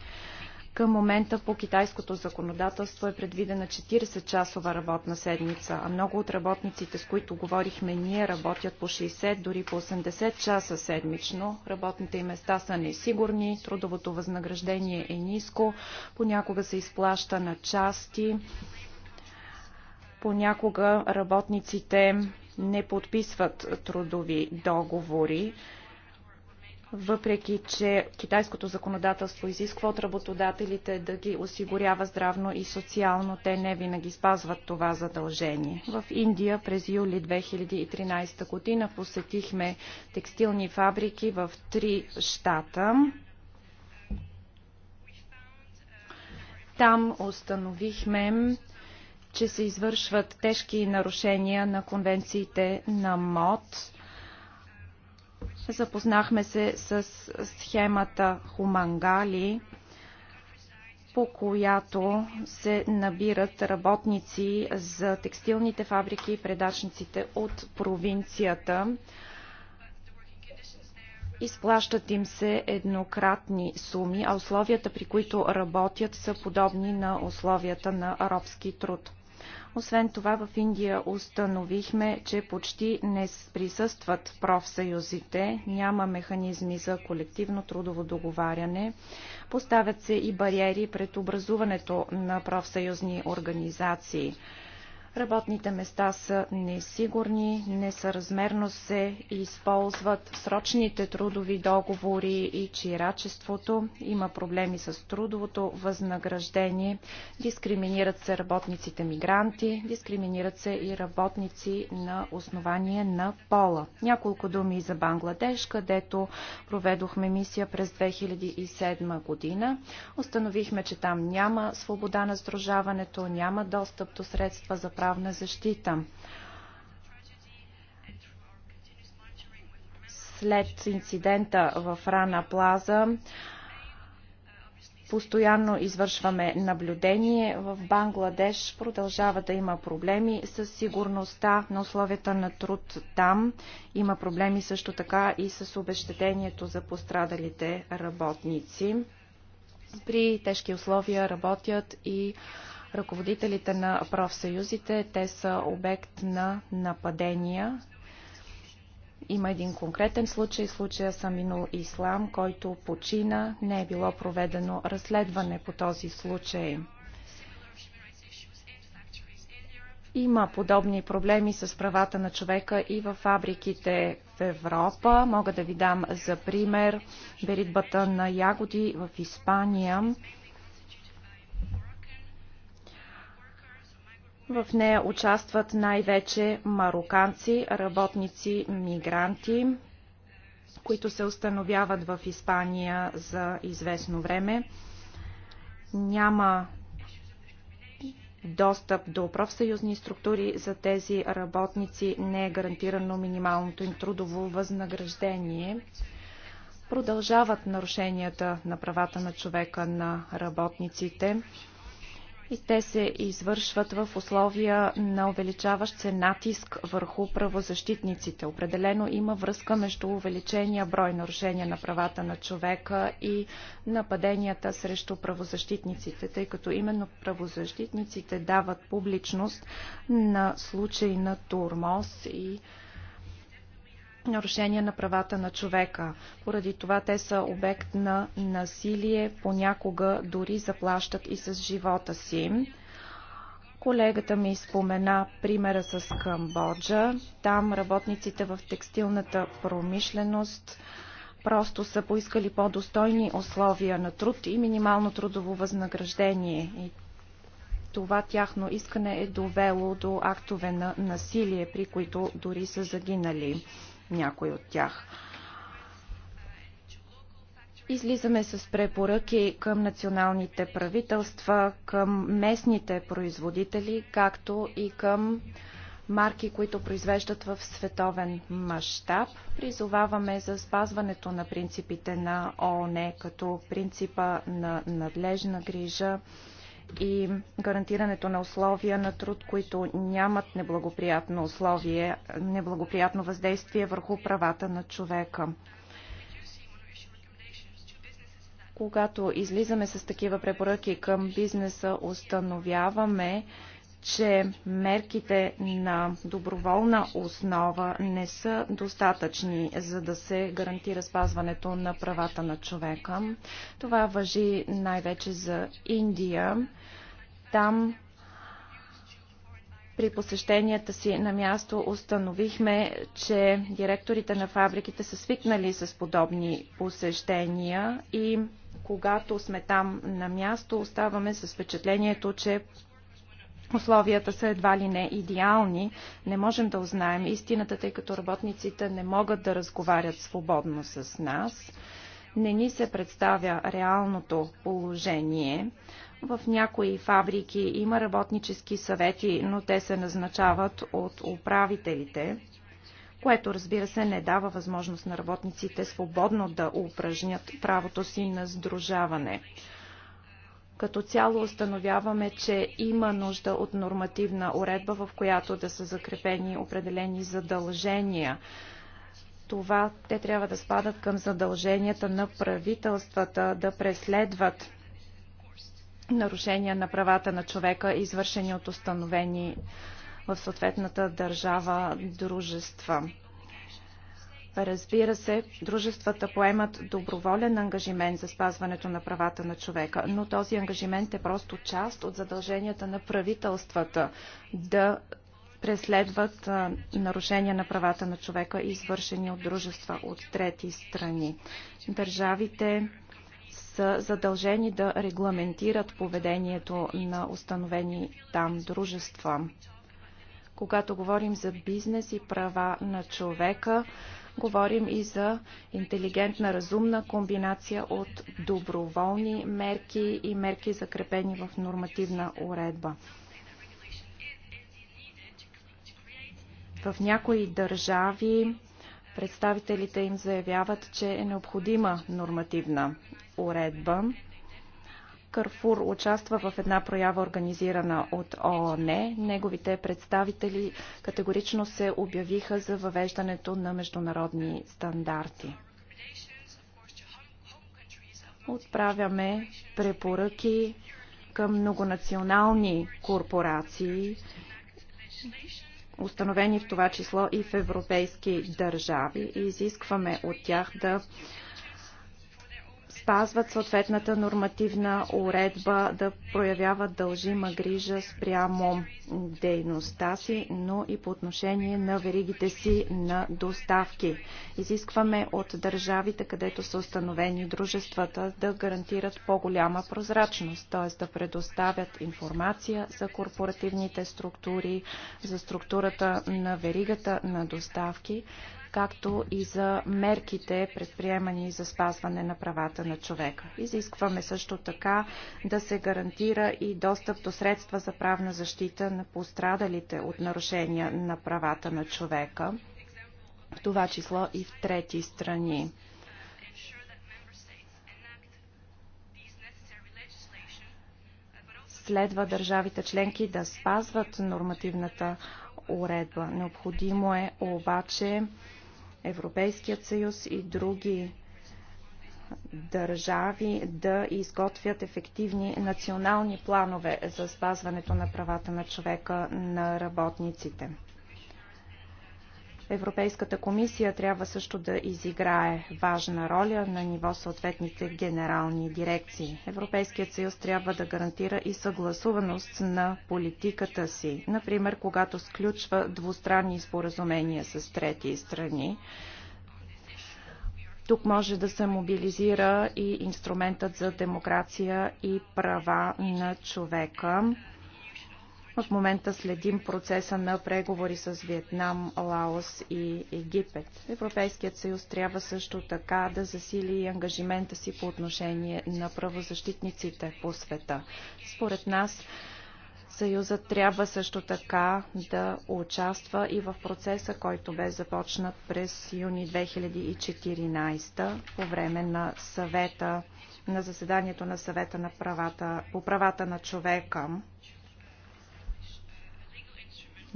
Към момента по китайското законодателство е предвидена 40-часова работна седмица, а много от работниците, с които говорихме ние, работят по 60, дори по 80 часа седмично. Работните им места са несигурни, трудовото възнаграждение е ниско, понякога се изплаща на части, понякога работниците не подписват трудови договори въпреки че китайското законодателство изисква от работодателите да ги осигурява здравно и социално, те не винаги спазват това задължение. В Индия през юли 2013 година посетихме текстилни фабрики в три щата. Там установихме, че се извършват тежки нарушения на конвенциите на МОД Запознахме се с схемата Хумангали, по която се набират работници за текстилните фабрики и предачниците от провинцията. Изплащат им се еднократни суми, а условията, при които работят, са подобни на условията на арабски труд. Освен това в Индия установихме, че почти не присъстват профсъюзите, няма механизми за колективно трудово договаряне, поставят се и бариери пред образуването на профсъюзни организации. Работните места са несигурни, несъразмерно се използват срочните трудови договори и чирачеството. Има проблеми с трудовото възнаграждение. Дискриминират се работниците мигранти, дискриминират се и работници на основание на пола. Няколко думи за Бангладеш, където проведохме мисия през 2007 година. Установихме, че там няма свобода на сдружаването, няма достъп до средства за правителството правна защита. След инцидента в Рана Плаза, Постоянно извършваме наблюдение. В Бангладеш продължава да има проблеми с сигурността на условията на труд там. Има проблеми също така и с обещетението за пострадалите работници. При тежки условия работят и ръководителите на профсъюзите. Те са обект на нападения. Има един конкретен случай, случая Саминул Ислам, който почина. Не е било проведено разследване по този случай. Има подобни проблеми с правата на човека и във фабриките в Европа. Мога да ви дам за пример беритбата на ягоди в Испания. В нея участват най-вече мароканци, работници, мигранти, които се установяват в Испания за известно време. Няма достъп до профсъюзни структури за тези работници, не е гарантирано минималното им трудово възнаграждение. Продължават нарушенията на правата на човека на работниците и те се извършват в условия на увеличаващ се натиск върху правозащитниците. Определено има връзка между увеличения брой нарушения на правата на човека и нападенията срещу правозащитниците, тъй като именно правозащитниците дават публичност на случаи на турмоз и нарушения на правата на човека. Поради това те са обект на насилие, понякога дори заплащат и с живота си. Колегата ми спомена примера с Камбоджа. Там работниците в текстилната промишленост просто са поискали по-достойни условия на труд и минимално трудово възнаграждение. И това тяхно искане е довело до актове на насилие, при които дори са загинали някои от тях. Излизаме с препоръки към националните правителства, към местните производители, както и към марки, които произвеждат в световен мащаб. Призоваваме за спазването на принципите на ООН, като принципа на надлежна грижа, и гарантирането на условия на труд, които нямат неблагоприятно условие, неблагоприятно въздействие върху правата на човека. Когато излизаме с такива препоръки към бизнеса, установяваме, че мерките на доброволна основа не са достатъчни, за да се гарантира спазването на правата на човека. Това въжи най-вече за Индия. Там при посещенията си на място установихме, че директорите на фабриките са свикнали с подобни посещения и когато сме там на място, оставаме с впечатлението, че Условията са едва ли не идеални. Не можем да узнаем истината, тъй като работниците не могат да разговарят свободно с нас. Не ни се представя реалното положение. В някои фабрики има работнически съвети, но те се назначават от управителите, което разбира се не дава възможност на работниците свободно да упражнят правото си на сдружаване. Като цяло установяваме, че има нужда от нормативна уредба, в която да са закрепени определени задължения това те трябва да спадат към задълженията на правителствата да преследват нарушения на правата на човека, извършени от установени в съответната държава дружества. Разбира се, дружествата поемат доброволен ангажимент за спазването на правата на човека, но този ангажимент е просто част от задълженията на правителствата да преследват нарушения на правата на човека, извършени от дружества от трети страни. Държавите са задължени да регламентират поведението на установени там дружества. Когато говорим за бизнес и права на човека, Говорим и за интелигентна, разумна комбинация от доброволни мерки и мерки закрепени в нормативна уредба. В някои държави представителите им заявяват, че е необходима нормативна уредба. Карфур участва в една проява, организирана от ООН. Неговите представители категорично се обявиха за въвеждането на международни стандарти. Отправяме препоръки към многонационални корпорации, установени в това число и в европейски държави, и изискваме от тях да спазват съответната нормативна уредба, да проявяват дължима грижа спрямо дейността си, но и по отношение на веригите си на доставки. Изискваме от държавите, където са установени дружествата, да гарантират по-голяма прозрачност, т.е. да предоставят информация за корпоративните структури, за структурата на веригата на доставки, както и за мерките, предприемани за спазване на правата на човека. Изискваме също така да се гарантира и достъп до средства за правна защита на пострадалите от нарушения на правата на човека, в това число и в трети страни. следва държавите членки да спазват нормативната уредба. Необходимо е обаче Европейският съюз и други държави да изготвят ефективни национални планове за спазването на правата на човека на работниците. Европейската комисия трябва също да изиграе важна роля на ниво съответните генерални дирекции. Европейският съюз трябва да гарантира и съгласуваност на политиката си, например, когато сключва двустранни споразумения с трети страни. Тук може да се мобилизира и инструментът за демокрация и права на човека в момента следим процеса на преговори с Виетнам, Лаос и Египет. Европейският съюз трябва също така да засили ангажимента си по отношение на правозащитниците по света. Според нас, Съюзът трябва също така да участва и в процеса, който бе започнат през юни 2014 по време на съвета на заседанието на съвета на правата, по правата на човека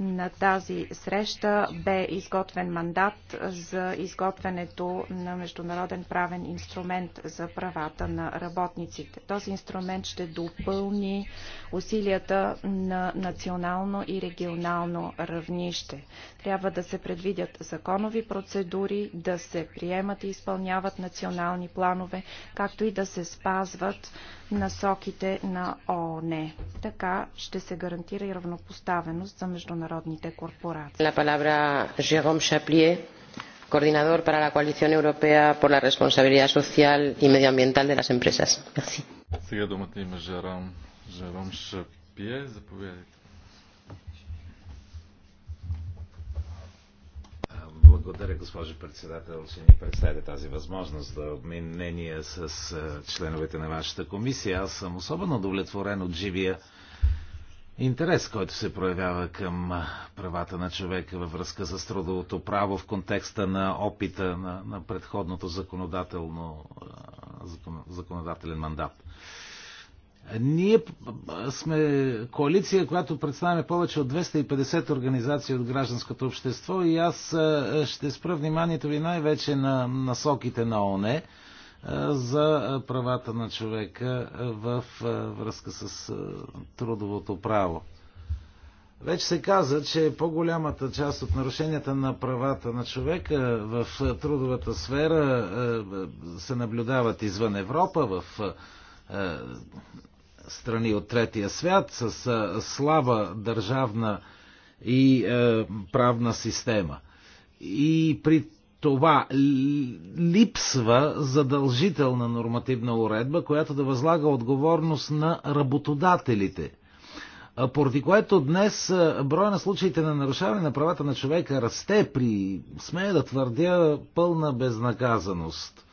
на тази среща бе изготвен мандат за изготвянето на международен правен инструмент за правата на работниците. Този инструмент ще допълни усилията на национално и регионално равнище. Трябва да се предвидят законови процедури, да се приемат и изпълняват национални планове, както и да се спазват насоките на ООН. Така ще се гарантира и равнопоставеност за международно международните корпорации. La palabra Jérôme Chaplier, coordinador para la Coalición Europea por la Responsabilidad Social y Medioambiental de las Empresas. Merci. Сега думата има Жером, Жером Шапие. Заповядайте. Благодаря, госпожо председател, че ни представите тази възможност да обмен мнения с членовете на вашата комисия. Аз съм особено удовлетворен от живия интерес, който се проявява към правата на човека във връзка с трудовото право в контекста на опита на, на предходното законодателно, закон, законодателен мандат. Ние сме коалиция, която представяме повече от 250 организации от гражданското общество и аз ще спра вниманието ви най-вече на насоките на ОНЕ, за правата на човека в връзка с трудовото право. Вече се каза, че по-голямата част от нарушенията на правата на човека в трудовата сфера се наблюдават извън Европа, в страни от третия свят, с слаба държавна и правна система. И при това липсва задължителна нормативна уредба, която да възлага отговорност на работодателите. Поради което днес броя на случаите на нарушаване на правата на човека расте при, смея да твърдя, пълна безнаказаност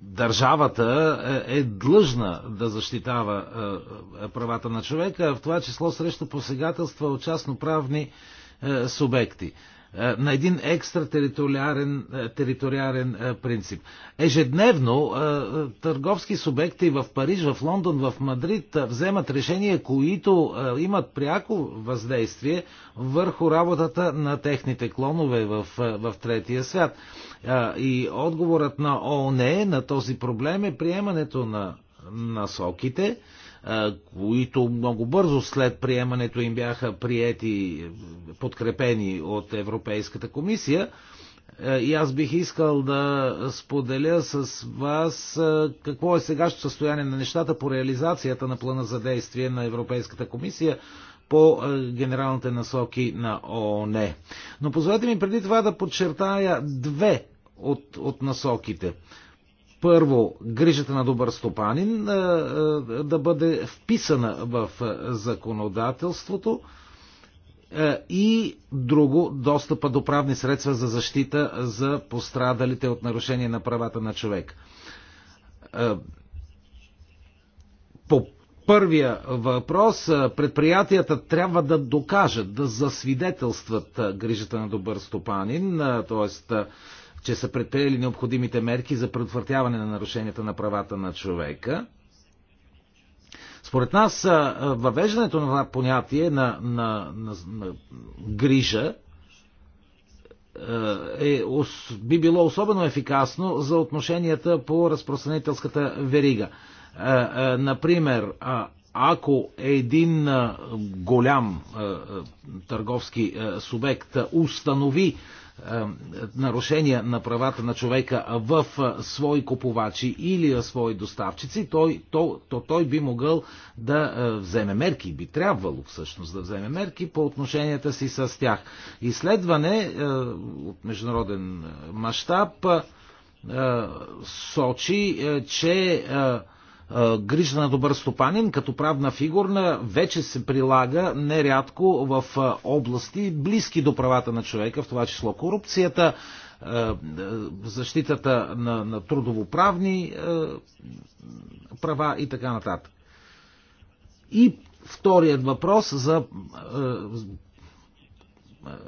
държавата е, е длъжна да защитава е, правата на човека, в това число срещу посегателства от частноправни е, субекти. Е, на един екстратериториален е, териториален е, принцип. Ежедневно търговски субекти в Париж, в Лондон, в Мадрид вземат решения, които имат пряко въздействие върху работата на техните клонове в, в третия свят. И отговорът на ООН на този проблем е приемането на насоките, които много бързо след приемането им бяха приети, подкрепени от Европейската комисия. И аз бих искал да споделя с вас какво е сегашното състояние на нещата по реализацията на плана за действие на Европейската комисия по генералните насоки на ООН. Но позволете ми преди това да подчертая две от, от насоките първо грижата на добър стопанин да бъде вписана в законодателството и друго достъпа до правни средства за защита за пострадалите от нарушение на правата на човек. По първия въпрос, предприятията трябва да докажат, да засвидетелстват грижата на добър стопанин, т.е че са предприели необходимите мерки за предотвратяване на нарушенията на правата на човека. Според нас въвеждането на това понятие на, на, на, на грижа е, би било особено ефикасно за отношенията по разпространителската верига. Например, ако един голям търговски субект установи е, нарушения на правата на човека в е, свои купувачи или е, свои доставчици, той, то, то той би могъл да вземе мерки, би трябвало всъщност да вземе мерки по отношенията си с тях. Изследване от международен мащаб сочи, че грижа на добър стопанин като правна фигурна вече се прилага нерядко в области близки до правата на човека, в това число корупцията, защитата на, на трудовоправни права и така нататък. И вторият въпрос за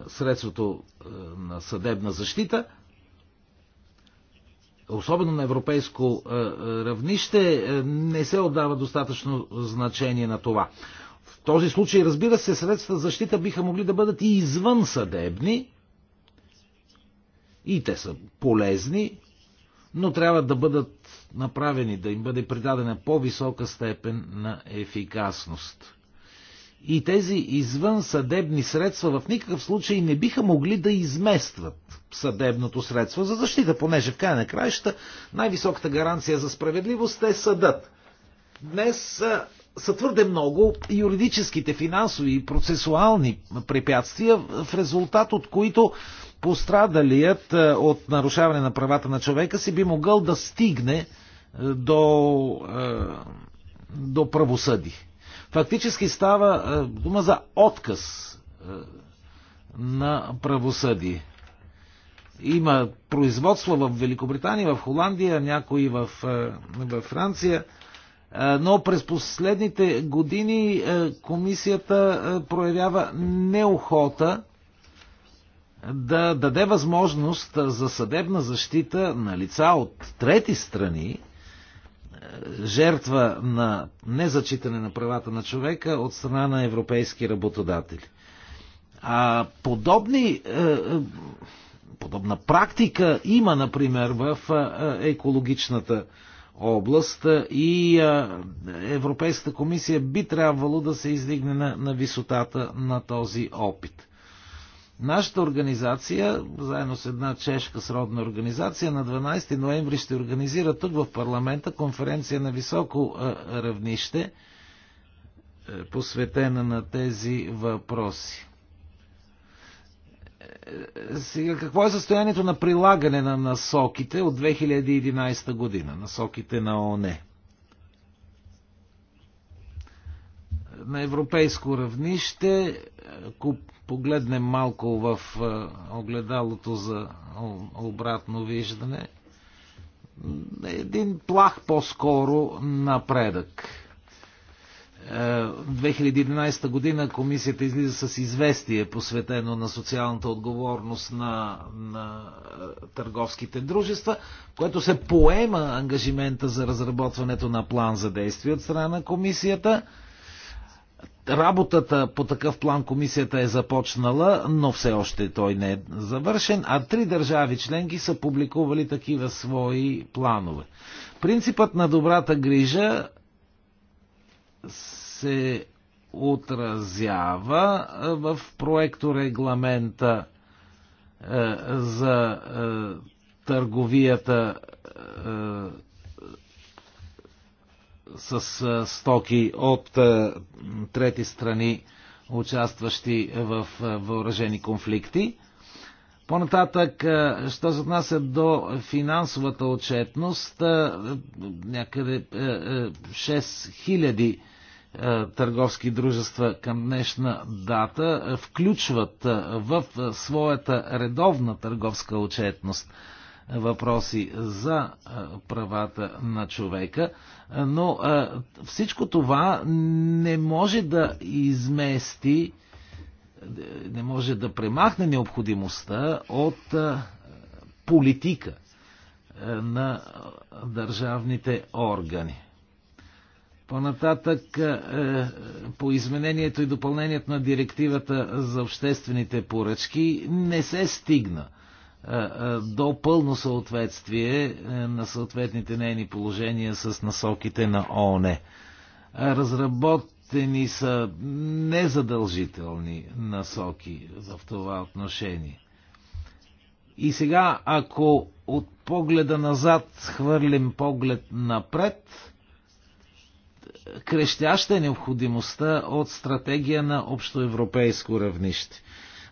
средството на съдебна защита – особено на европейско е, е, равнище, е, не се отдава достатъчно значение на това. В този случай, разбира се, средства за защита биха могли да бъдат и извън съдебни, и те са полезни, но трябва да бъдат направени, да им бъде придадена по-висока степен на ефикасност и тези извън съдебни средства в никакъв случай не биха могли да изместват съдебното средство за защита, понеже в края на краища най-високата гаранция за справедливост е съдът. Днес са твърде много юридическите, финансови и процесуални препятствия, в резултат от които пострадалият от нарушаване на правата на човека си би могъл да стигне до, до правосъдие. Фактически става е, дума за отказ е, на правосъдие. Има производство в Великобритания, в Холандия, някои в, е, в Франция, но през последните години комисията проявява неохота да даде възможност за съдебна защита на лица от трети страни, жертва на незачитане на правата на човека от страна на европейски работодатели. А подобни, е, е, подобна практика има, например, в е, екологичната област и Европейската комисия би трябвало да се издигне на, на висотата на този опит. Нашата организация, заедно с една чешка сродна организация, на 12 ноември ще организира тук в парламента конференция на високо равнище, е, посветена на тези въпроси. Е, сега, какво е състоянието на прилагане на насоките от 2011 година, насоките на ОНЕ? на европейско равнище, ако погледнем малко в огледалото за обратно виждане, един плах по-скоро напредък. Е, в 2011 година комисията излиза с известие, посветено на социалната отговорност на, на е, търговските дружества, което се поема ангажимента за разработването на план за действие от страна на комисията – Работата по такъв план комисията е започнала, но все още той не е завършен, а три държави членки са публикували такива свои планове. Принципът на добрата грижа се отразява в проекто регламента е, за е, търговията е, с стоки от трети страни, участващи в въоръжени конфликти. По-нататък, що се отнася до финансовата отчетност, някъде 6000 търговски дружества към днешна дата включват в своята редовна търговска отчетност въпроси за правата на човека, но всичко това не може да измести, не може да премахне необходимостта от политика на държавните органи. Понататък, по изменението и допълнението на директивата за обществените поръчки не се стигна до пълно съответствие на съответните нейни положения с насоките на ООН. Разработени са незадължителни насоки в това отношение. И сега, ако от погледа назад хвърлим поглед напред, крещяща е необходимостта от стратегия на общоевропейско равнище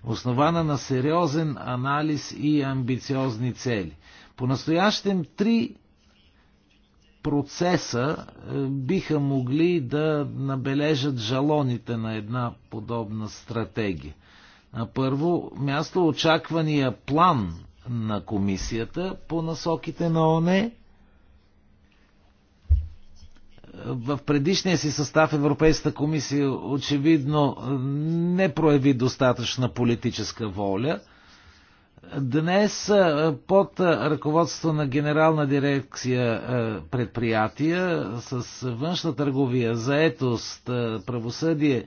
основана на сериозен анализ и амбициозни цели. По-настоящем три процеса е, биха могли да набележат жалоните на една подобна стратегия. На първо място очаквания план на комисията по насоките на ОНЕ, в предишния си състав Европейската комисия очевидно не прояви достатъчна политическа воля. Днес под ръководство на Генерална дирекция предприятия с външна търговия, заетост, правосъдие,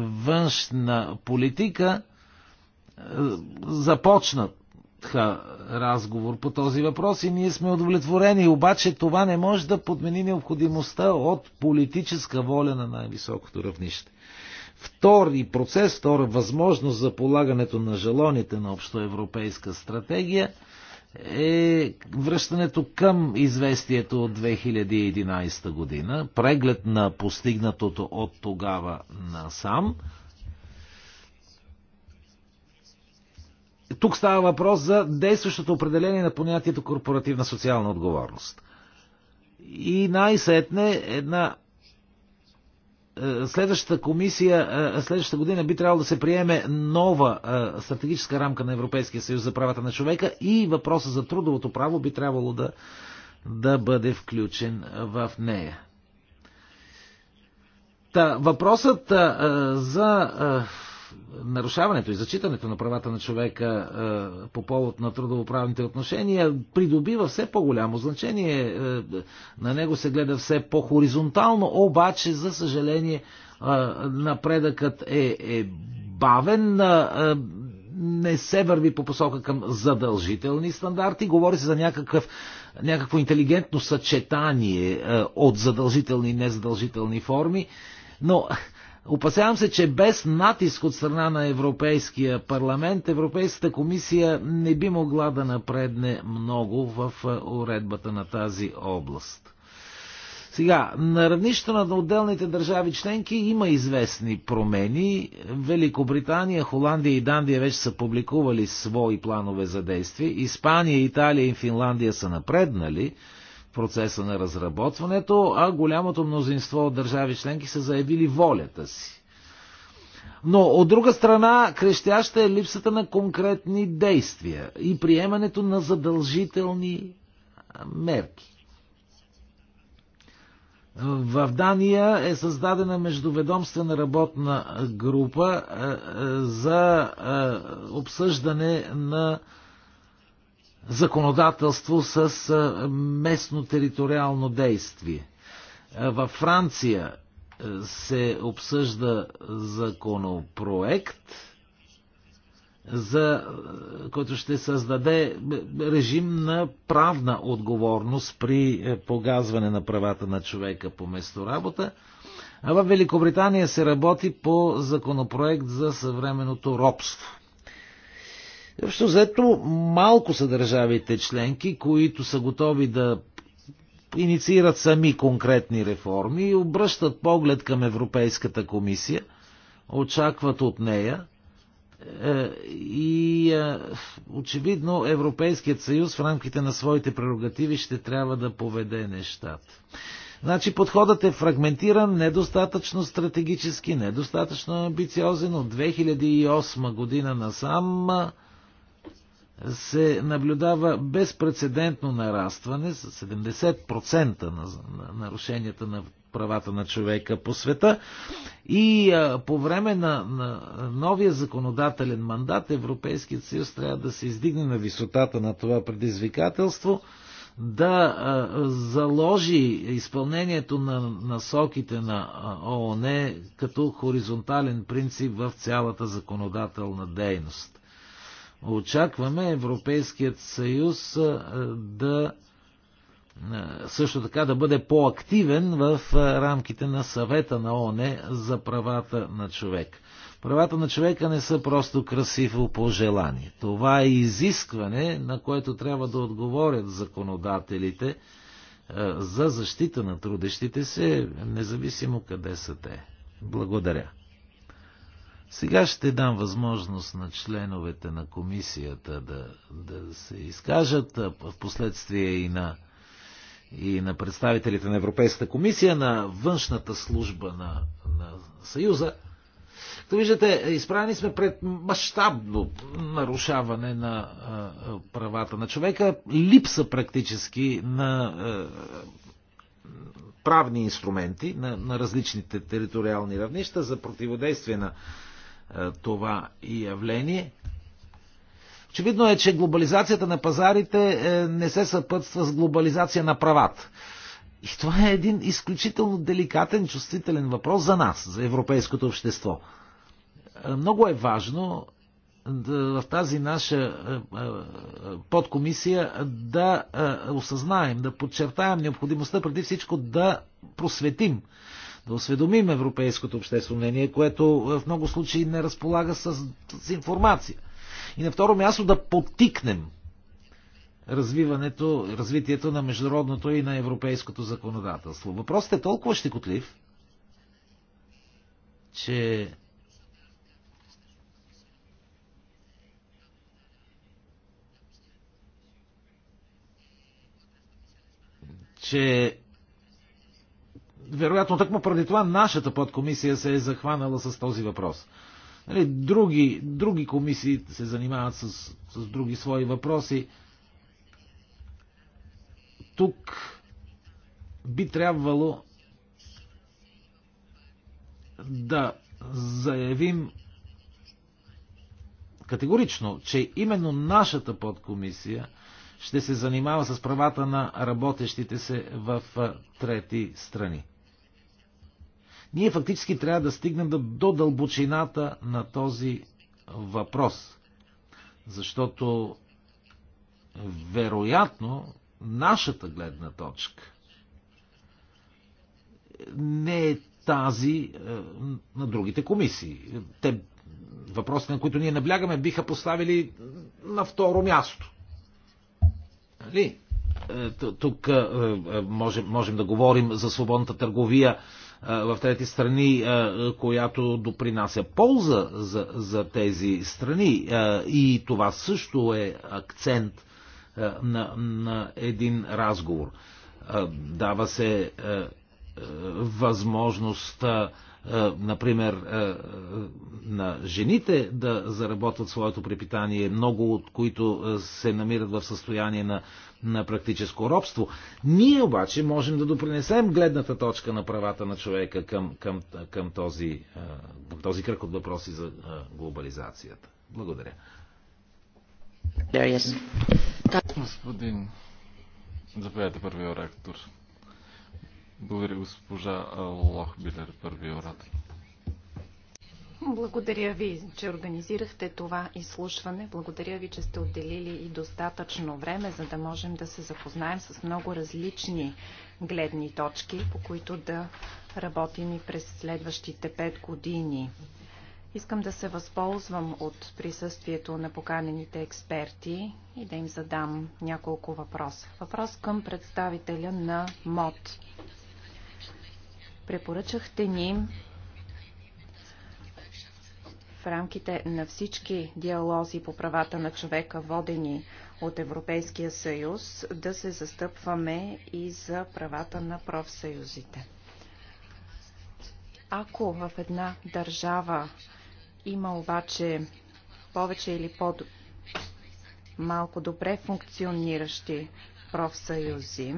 външна политика започнат разговор по този въпрос и ние сме удовлетворени. Обаче това не може да подмени необходимостта от политическа воля на най-високото равнище. Втори процес, втора възможност за полагането на жалоните на общоевропейска стратегия е връщането към известието от 2011 година, преглед на постигнатото от тогава насам – Тук става въпрос за действащото определение на понятието корпоративна социална отговорност. И най-сетне една е, следващата комисия, е, следващата година би трябвало да се приеме нова е, стратегическа рамка на Европейския съюз за правата на човека и въпроса за трудовото право би трябвало да, да бъде включен в нея. Та, въпросът а, за а, нарушаването и зачитането на правата на човека е, по повод на трудовоправните отношения придобива все по-голямо значение. Е, на него се гледа все по-хоризонтално, обаче, за съжаление, е, напредъкът е, е бавен не се върви по посока към задължителни стандарти, говори се за някакъв, някакво интелигентно съчетание от задължителни и незадължителни форми, но Опасявам се, че без натиск от страна на Европейския парламент, Европейската комисия не би могла да напредне много в е, уредбата на тази област. Сега, на равнището на отделните държави членки има известни промени. Великобритания, Холандия и Дандия вече са публикували свои планове за действие. Испания, Италия и Финландия са напреднали процеса на разработването, а голямото мнозинство от държави членки са заявили волята си. Но от друга страна, крещяща е липсата на конкретни действия и приемането на задължителни мерки. В Дания е създадена междуведомствена работна група за обсъждане на законодателство с местно териториално действие. Във Франция се обсъжда законопроект, за, който ще създаде режим на правна отговорност при погазване на правата на човека по месторабота. А в Великобритания се работи по законопроект за съвременното робство. Общо взето малко са държавите членки, които са готови да инициират сами конкретни реформи и обръщат поглед към Европейската комисия, очакват от нея е, и е, очевидно Европейският съюз в рамките на своите прерогативи ще трябва да поведе нещата. Значи подходът е фрагментиран, недостатъчно стратегически, недостатъчно амбициозен. От 2008 година насам е, се наблюдава безпредседентно нарастване с 70% на нарушенията на правата на човека по света. И а, по време на, на новия законодателен мандат Европейският съюз трябва да се издигне на висотата на това предизвикателство, да а, заложи изпълнението на насоките на ООН като хоризонтален принцип в цялата законодателна дейност очакваме Европейският съюз да също така да бъде по-активен в рамките на съвета на ОНЕ за правата на човек. Правата на човека не са просто красиво пожелание. Това е изискване, на което трябва да отговорят законодателите за защита на трудещите се, независимо къде са те. Благодаря. Сега ще дам възможност на членовете на комисията да, да се изкажат, а в последствие и на, и на представителите на Европейската комисия, на външната служба на, на Съюза. Като виждате, изправени сме пред мащабно нарушаване на правата на човека, липса практически на правни инструменти на, на различните териториални равнища за противодействие на е, това явление. Очевидно е, че глобализацията на пазарите е, не се съпътства с глобализация на правата. И това е един изключително деликатен, чувствителен въпрос за нас, за европейското общество. Е, много е важно в тази наша подкомисия да осъзнаем, да подчертаем необходимостта преди всичко да просветим да осведомим европейското обществено мнение, което в много случаи не разполага с, с информация. И на второ място да потикнем развиването, развитието на международното и на европейското законодателство. Въпросът е толкова щекотлив, че че вероятно тъкмо преди това нашата подкомисия се е захванала с този въпрос. Нали, други, други комисии се занимават с, с други свои въпроси. Тук би трябвало да заявим категорично, че именно нашата подкомисия ще се занимава с правата на работещите се в трети страни. Ние фактически трябва да стигнем до дълбочината на този въпрос. Защото вероятно нашата гледна точка не е тази е, на другите комисии. Те въпросите, на които ние наблягаме, биха поставили на второ място. Нали? Е, тук е, можем, можем да говорим за свободната търговия в трети страни, която допринася полза за, за тези страни. И това също е акцент на, на един разговор. Дава се възможност, например, на жените да заработват своето препитание, много от които се намират в състояние на на практическо робство. Ние обаче можем да допринесем гледната точка на правата на човека към, към, към, този, този кръг от въпроси за глобализацията. Благодаря. Господин, заповядайте първи оратор. Благодаря госпожа Лохбилер, първи оратор. Благодаря ви, че организирахте това изслушване. Благодаря ви, че сте отделили и достатъчно време, за да можем да се запознаем с много различни гледни точки, по които да работим и през следващите пет години. Искам да се възползвам от присъствието на поканените експерти и да им задам няколко въпроса. Въпрос към представителя на МОД. Препоръчахте ни в рамките на всички диалози по правата на човека, водени от Европейския съюз, да се застъпваме и за правата на профсъюзите. Ако в една държава има обаче повече или по-малко добре функциониращи профсъюзи,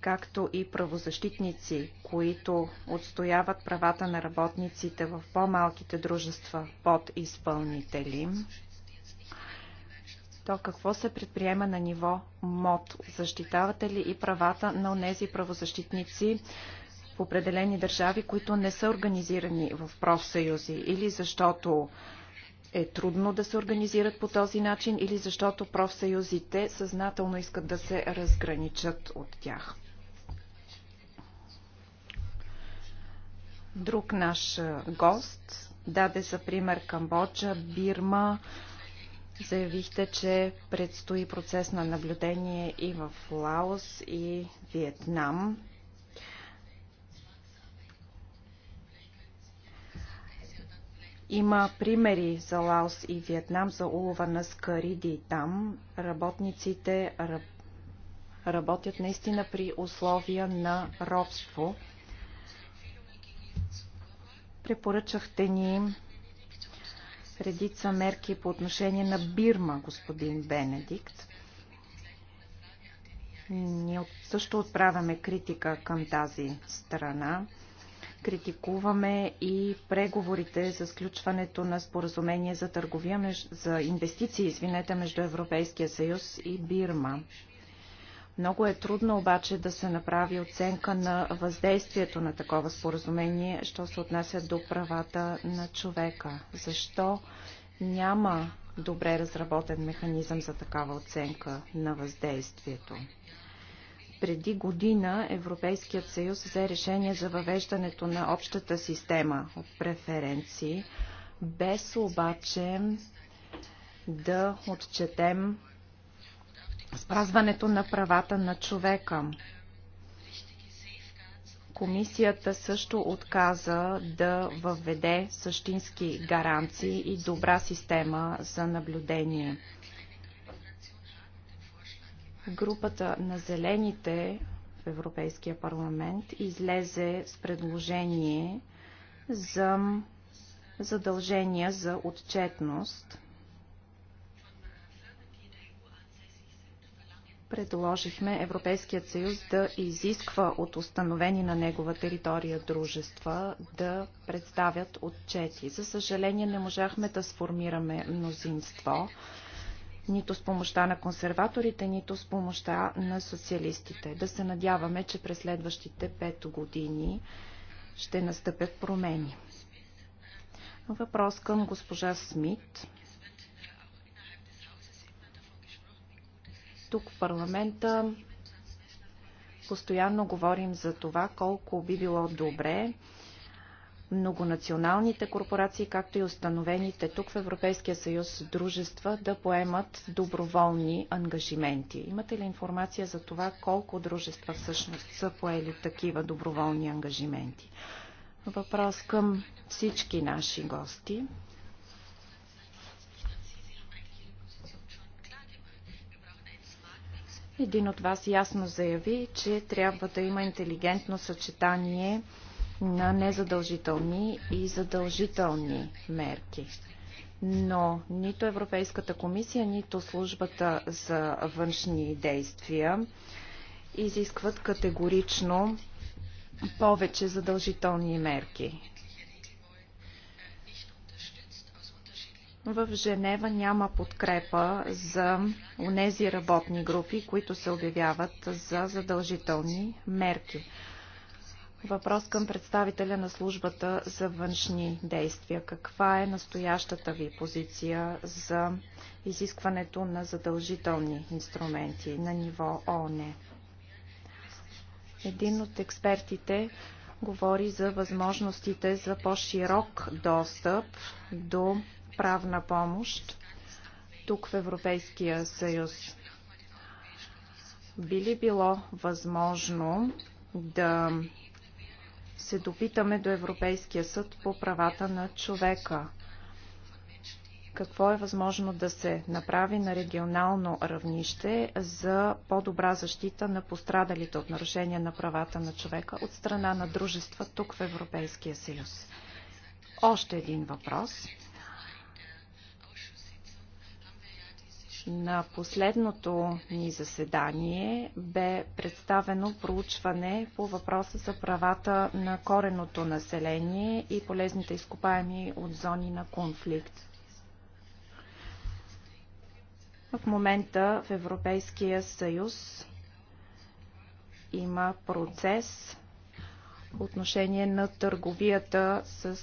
както и правозащитници, които отстояват правата на работниците в по-малките дружества под изпълнители, то какво се предприема на ниво МОД? Защитавате ли и правата на тези правозащитници в определени държави, които не са организирани в профсъюзи или защото е трудно да се организират по този начин или защото профсъюзите съзнателно искат да се разграничат от тях. Друг наш гост даде за пример Камбоджа, Бирма. Заявихте, че предстои процес на наблюдение и в Лаос и Виетнам. Има примери за Лаос и Виетнам за улова на скариди. Там работниците работят наистина при условия на робство. Препоръчахте ни редица мерки по отношение на Бирма, господин Бенедикт. Ние също отправяме критика към тази страна. Критикуваме и преговорите за сключването на споразумение за търговия, за инвестиции, извинете, между Европейския съюз и Бирма. Много е трудно обаче да се направи оценка на въздействието на такова споразумение, що се отнася до правата на човека. Защо няма добре разработен механизъм за такава оценка на въздействието? преди година Европейският съюз взе решение за въвеждането на общата система от преференции, без обаче да отчетем спазването на правата на човека. Комисията също отказа да въведе същински гаранции и добра система за наблюдение. Групата на зелените в Европейския парламент излезе с предложение за задължения за отчетност – предложихме Европейският съюз да изисква от установени на негова територия дружества да представят отчети. За съжаление не можахме да сформираме мнозинство, нито с помощта на консерваторите, нито с помощта на социалистите. Да се надяваме, че през следващите пет години ще настъпят промени. Въпрос към госпожа Смит. Тук в парламента постоянно говорим за това колко би било добре многонационалните корпорации, както и установените тук в Европейския съюз дружества да поемат доброволни ангажименти. Имате ли информация за това колко дружества всъщност са поели такива доброволни ангажименти? Въпрос към всички наши гости. Един от вас ясно заяви, че трябва да има интелигентно съчетание на незадължителни и задължителни мерки. Но нито Европейската комисия, нито службата за външни действия изискват категорично повече задължителни мерки. В Женева няма подкрепа за онези работни групи, които се обявяват за задължителни мерки. Въпрос към представителя на службата за външни действия. Каква е настоящата ви позиция за изискването на задължителни инструменти на ниво ООН? Един от експертите говори за възможностите за по-широк достъп до правна помощ тук в Европейския съюз. Би ли било възможно да се допитаме до Европейския съд по правата на човека? Какво е възможно да се направи на регионално равнище за по-добра защита на пострадалите от нарушения на правата на човека от страна на дружества тук в Европейския съюз? Още един въпрос – На последното ни заседание бе представено проучване по въпроса за правата на кореното население и полезните изкопаеми от зони на конфликт. В момента в Европейския съюз има процес по отношение на търговията с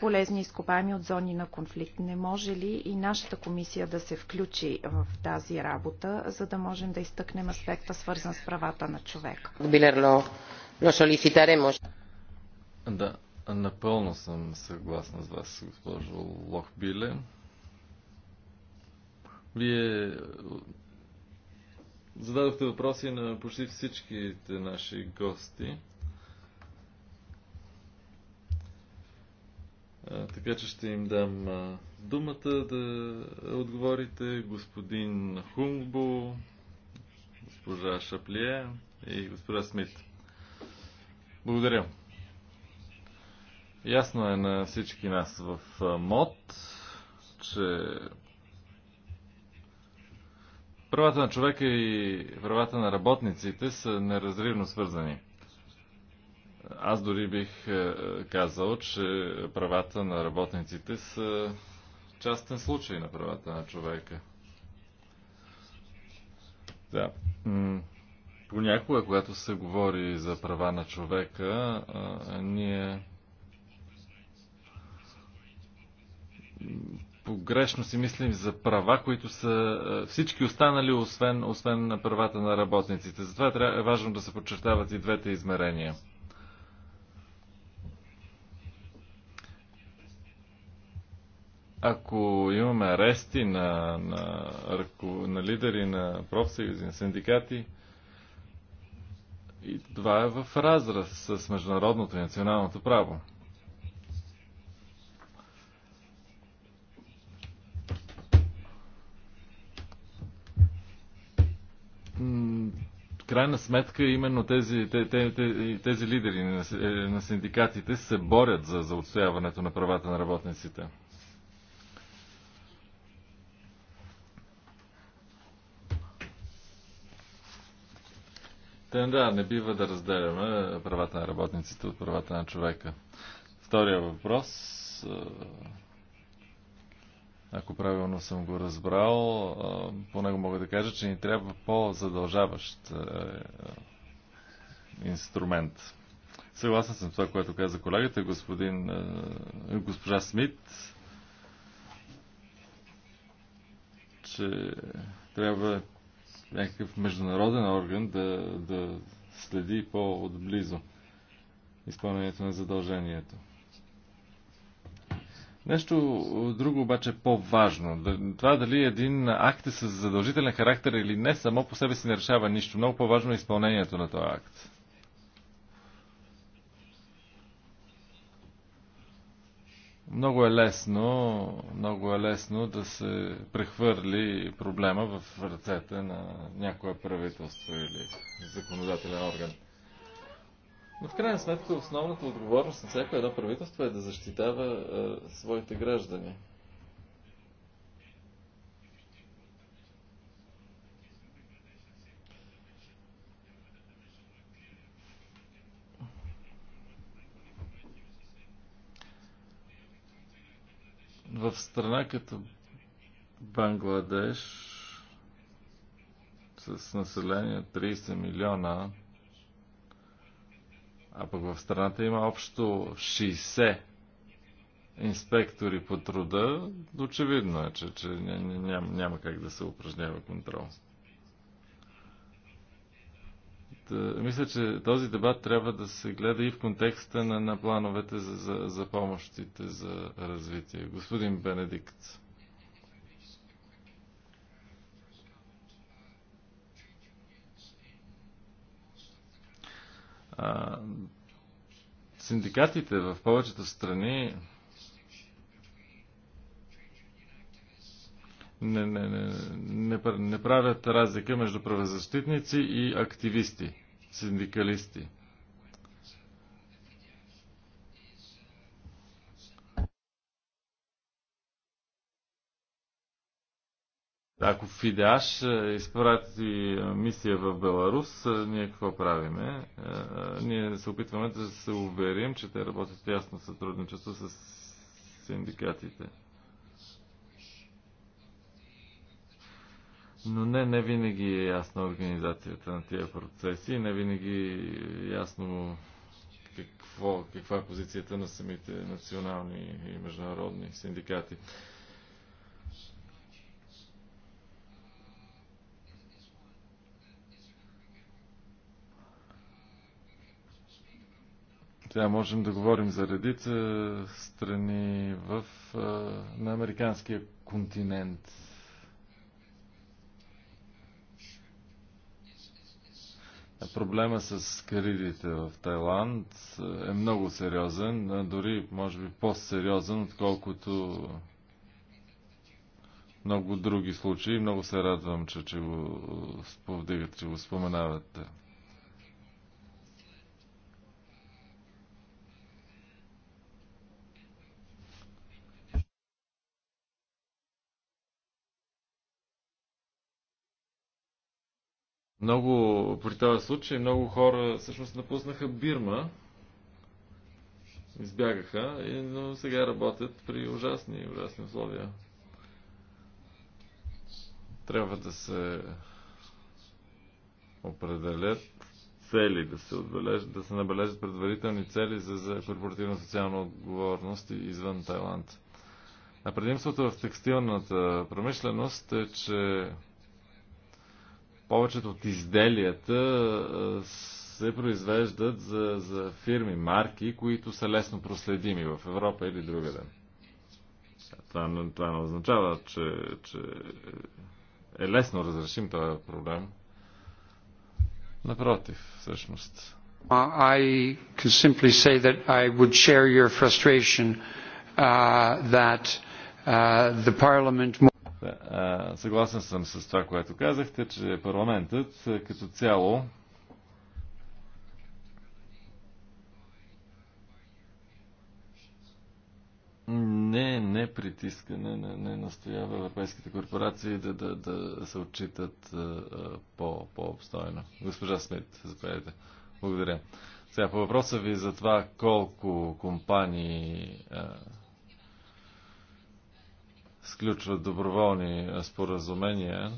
полезни изкопаеми от зони на конфликт. Не може ли и нашата комисия да се включи в тази работа, за да можем да изтъкнем аспекта, свързан с правата на човека? Да, напълно съм съгласна с вас, госпожо Лохбиле. Вие зададохте въпроси на почти всичките наши гости. така че ще им дам думата да отговорите господин Хумбо, госпожа Шаплие и госпожа Смит. Благодаря. Ясно е на всички нас в МОД, че правата на човека и правата на работниците са неразривно свързани – аз дори бих е, е, казал, че правата на работниците са частен случай на правата на човека. Да. Понякога, когато се говори за права на човека, ние погрешно си мислим за права, които са е, всички останали, освен, освен на правата на работниците. Затова е важно да се подчертават и двете измерения – ако имаме арести на, на, на лидери на профсъюзи, на синдикати, и това е в разраз с международното и националното право. крайна сметка именно тези, тези, тези лидери на, на синдикатите се борят за, за отстояването на правата на работниците. Наистина, е, да, не бива да разделяме правата на работниците от правата на човека. Втория въпрос. Е, ако правилно съм го разбрал, е, по него мога да кажа, че ни трябва по-задължаващ инструмент. Съгласен съм с това, което каза колегата, господин, госпожа Смит, че трябва някакъв международен орган да, да следи по-отблизо изпълнението на задължението. Нещо друго обаче е по-важно. Това дали един акт е с задължителен характер или не, само по себе си не решава нищо. Много по-важно е изпълнението на този акт. Много е лесно, много е лесно да се прехвърли проблема в ръцете на някое правителство или законодателен орган. Но в крайна сметка основната отговорност на всяко едно правителство е да защитава своите граждани. в страна като Бангладеш с население 30 милиона, а пък в страната има общо 60 инспектори по труда, очевидно е, че, че няма, няма как да се упражнява контрол. Е, мисля, че този дебат трябва да се гледа и в контекста на, на плановете за, за, за помощите за развитие. Господин Бенедикт. А, синдикатите в повечето страни не, не, не, не, не правят разлика между правозащитници и активисти, синдикалисти. Ако Фидеаш е, изпрати е, мисия в Беларус, е, ние какво правиме? Ние се опитваме да се уверим, че те работят в ясно сътрудничество с синдикатите. Но не, не винаги е ясна организацията на тия процеси, не винаги е ясно какво, каква е позицията на самите национални и международни синдикати. Сега можем да говорим за редица страни в, на американския континент Проблема с каридите в Тайланд е много сериозен, дори може би по-сериозен, отколкото много други случаи. Много се радвам, че, че го повдигат, че го споменавате. Много, при този случай много хора всъщност напуснаха Бирма, избягаха, но сега работят при ужасни, ужасни условия. Трябва да се определят цели, да се, отбележат, да се набележат предварителни цели за, за корпоративна социална отговорност извън Тайланд. А предимството в текстилната промишленост е, че повечето от изделията се произвеждат за, за фирми, марки, които са лесно проследими в Европа или другаде. Това, това не означава, че, че е лесно разрешим този проблем. Напротив, всъщност. I can simply say that I would share your frustration uh, that uh, the Parliament. Да, е, съгласен съм с това, което казахте, че парламентът е, като цяло не, не притиска, не, не, не настоява европейските корпорации да, да, да се отчитат е, по, по-обстойно. Госпожа Смит, заповядайте. Благодаря. Сега по въпроса ви за това колко компании а, сключват доброволни споразумения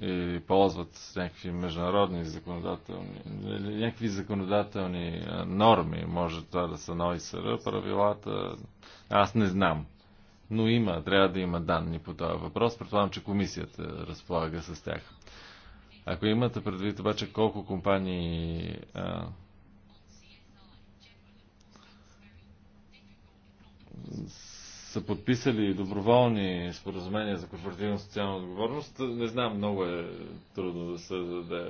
и ползват някакви международни законодателни, някакви законодателни норми, може това да са НОИСР, правилата, аз не знам. Но има, трябва да има данни по този въпрос. Предполагам, че комисията разполага с тях. Ако имате предвид обаче колко компании а, са подписали доброволни споразумения за корпоративна социална отговорност. Не знам, много е трудно да се даде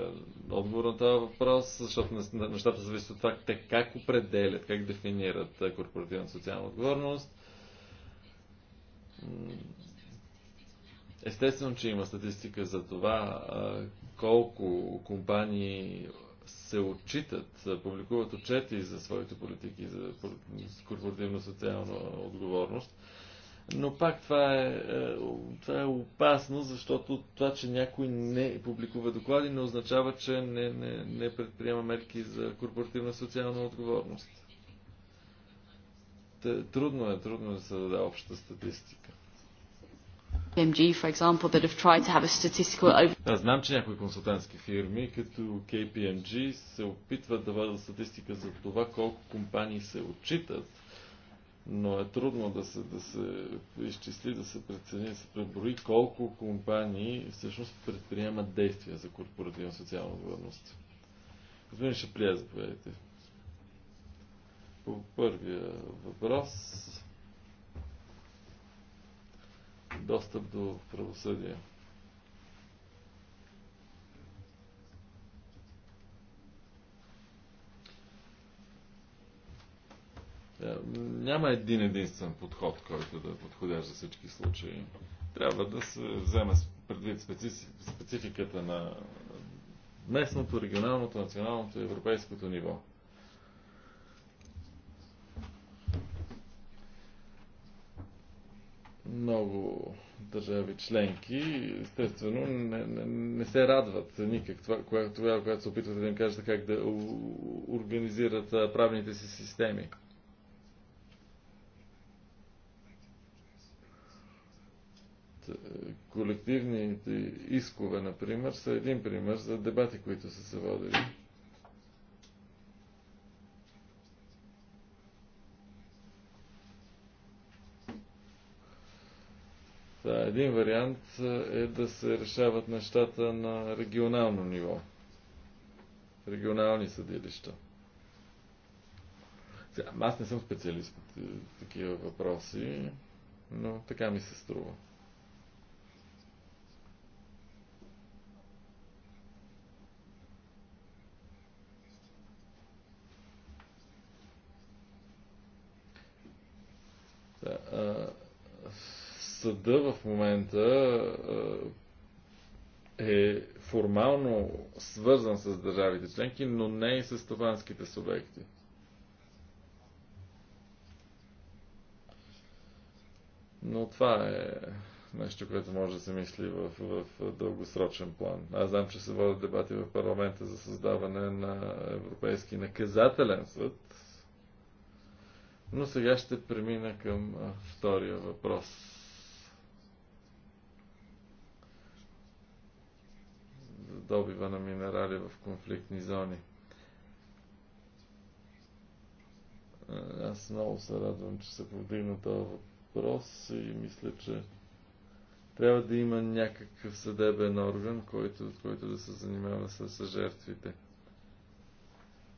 отговор на този въпрос, защото нещата зависят от това те как определят, как дефинират корпоративна социална отговорност. Естествено, че има статистика за това колко компании се отчитат, публикуват отчети за своите политики, за корпоративно-социална отговорност. Но пак това е, е, това е опасно, защото това, че някой не публикува доклади, не означава, че не, не, не предприема мерки за корпоративна социална отговорност. Трудно е, трудно е да се даде обща статистика. KPMG, for example, that have tried to have a statistical over... Да, знам, че някои консултантски фирми, като KPMG, се опитват да вадат статистика за това колко компании се отчитат, но е трудно да се, да се изчисли, да се прецени, да се преброи колко компании всъщност предприемат действия за корпоративна социална отговорност. Господин Шаприя, заповядайте. По първия въпрос достъп до правосъдие. Е, няма един единствен подход, който да е подходящ за всички случаи. Трябва да се вземе предвид спецификата на местното, регионалното, националното и европейското ниво. много държави членки, естествено, не, не, не се радват никак това, което тогава, се опитвате да им кажете как да организират правните си системи. Колективните искове, например, са един пример за дебати, които са се водили. Един вариант е да се решават нещата на регионално ниво. Регионални съдилища. Сега, аз не съм специалист по такива въпроси, но така ми се струва. Да, а съда в момента е формално свързан с държавите членки, но не и с стопанските субекти. Но това е нещо, което може да се мисли в, в дългосрочен план. Аз знам, че се водят дебати в парламента за създаване на Европейски наказателен съд, но сега ще премина към втория въпрос. добива на минерали в конфликтни зони. Аз много се радвам, че се повдигна този въпрос и мисля, че трябва да има някакъв съдебен орган, който, който да се занимава с, с жертвите.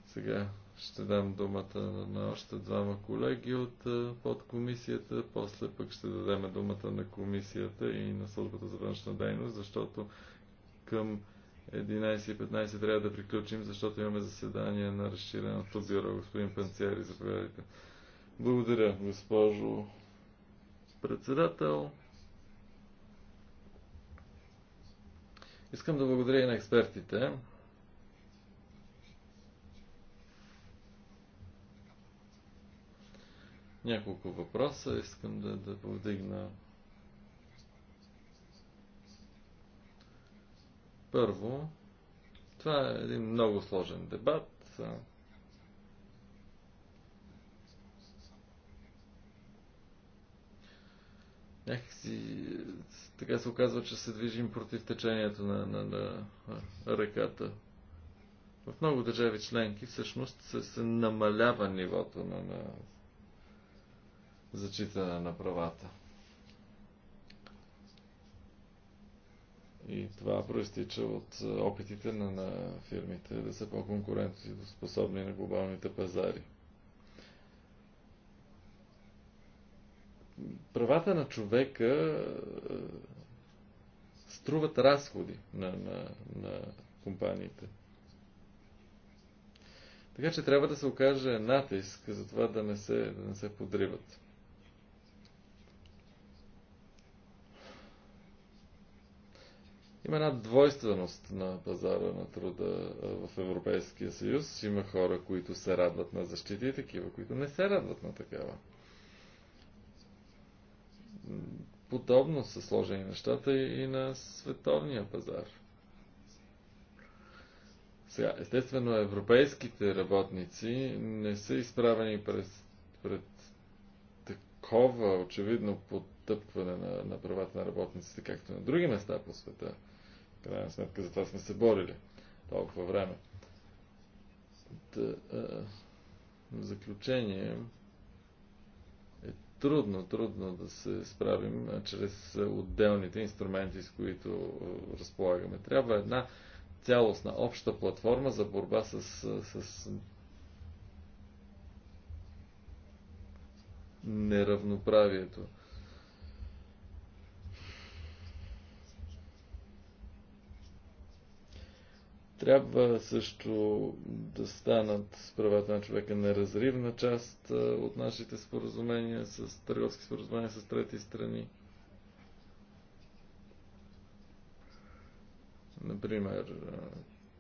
Сега ще дам думата на още двама колеги от подкомисията, после пък ще дадем думата на комисията и на службата за външна дейност, защото към 11.15 трябва да приключим, защото имаме заседание на разширеното бюро. Господин Панциери, заповядайте. Благодаря, госпожо председател. Искам да благодаря и на експертите. Няколко въпроса искам да, да повдигна Първо, това е един много сложен дебат. Някакси така се оказва, че се движим против течението на, на, на реката. В много държави членки всъщност се, се намалява нивото на, на зачитане на правата. И това проистича от е, опитите на, на фирмите да са по-конкурентоспособни на глобалните пазари. Правата на човека е, струват разходи на, на, на компаниите. Така че трябва да се окаже натиск за това да не се, да не се подриват. Има една двойственост на пазара на труда в Европейския съюз. Има хора, които се радват на защита и такива, които не се радват на такава. Подобно са сложени нещата и на световния пазар. Сега, естествено, европейските работници не са изправени през, пред такова очевидно потъпване на, на правата на работниците, както на други места по света – крайна сметка за това сме се борили толкова време. а, в заключение е трудно, трудно да се справим чрез отделните инструменти, с които разполагаме. Трябва една цялостна обща платформа за борба с, с неравноправието. Трябва също да станат правата на човека неразривна част от нашите споразумения с търговски споразумения с трети страни. Например,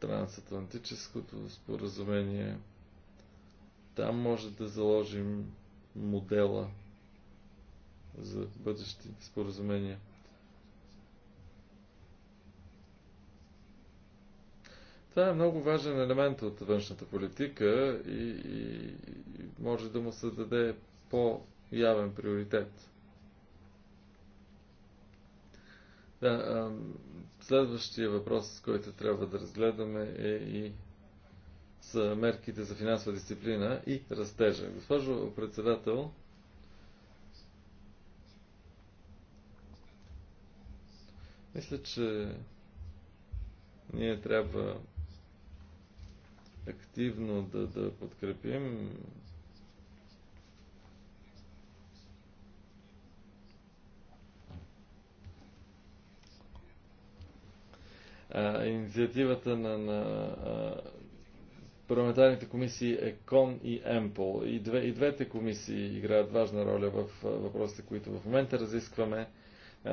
трансатлантическото споразумение. Там може да заложим модела за бъдещи споразумения. Това е много важен елемент от външната политика и, и може да му се даде по-явен приоритет. Да, а, следващия въпрос, който трябва да разгледаме е и с мерките за финансова дисциплина и растежа. Госпожо председател, мисля, че ние трябва активно да, да подкрепим а, инициативата на, на а, парламентарните комисии ЕКОН и ЕМПОЛ. И, две, и двете комисии играят важна роля в въпросите, които в момента разискваме.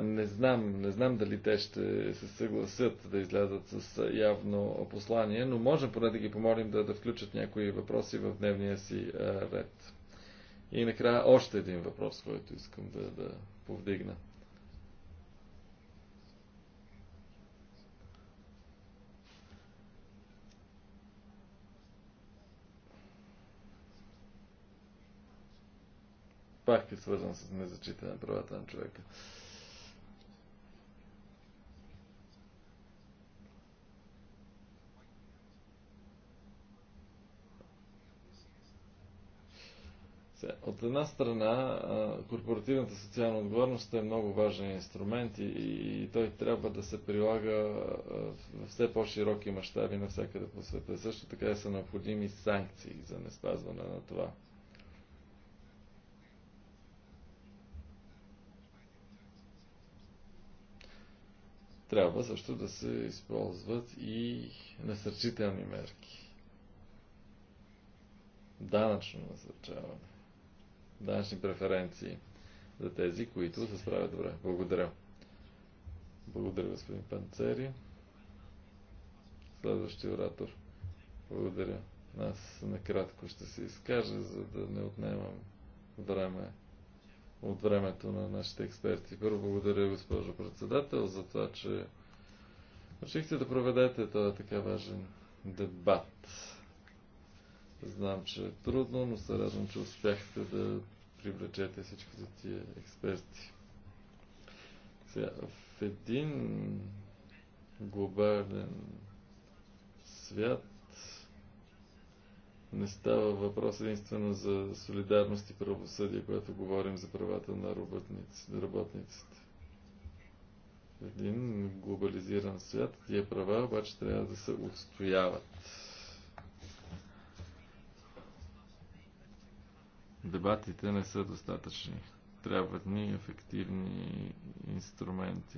Не знам, не знам дали те ще се съгласят да излязат с явно послание, но можем поне да ги помолим да, да включат някои въпроси в дневния си ред. И накрая още един въпрос, който искам да, да повдигна. Пак е свързан с незачитане правата на човека. От една страна, корпоративната социална отговорност е много важен инструмент и, той трябва да се прилага в все по-широки мащаби навсякъде по света. Също така са необходими санкции за не спазване на това. Трябва също да се използват и насърчителни мерки. Данъчно насърчаване данъчни преференции за тези, които се справят добре. Благодаря. Благодаря, господин Панцери. Следващия оратор. Благодаря. Аз накратко ще се изкажа, за да не отнемам време от времето на нашите експерти. Първо благодаря, госпожо председател, за това, че решихте да проведете този така важен дебат. Знам, че е трудно, но се радвам, че успяхте да привлечете всички за тия експерти. Сега, в един глобален свят не става въпрос единствено за солидарност и правосъдие, когато говорим за правата на работниците. В един глобализиран свят тия права обаче трябва да се отстояват. Дебатите не са достатъчни. Трябват ни ефективни инструменти.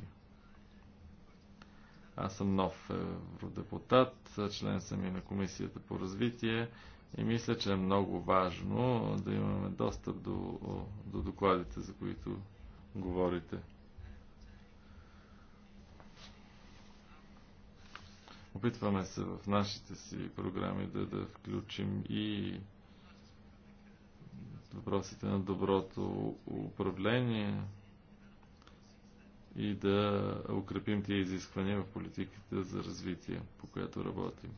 Аз съм нов евродепутат, член съм и на Комисията по развитие и мисля, че е много важно да имаме достъп до, до докладите, за които говорите. Опитваме се в нашите си програми да, да включим и въпросите на доброто управление и да укрепим тези изисквания в политиката за развитие, по която работим.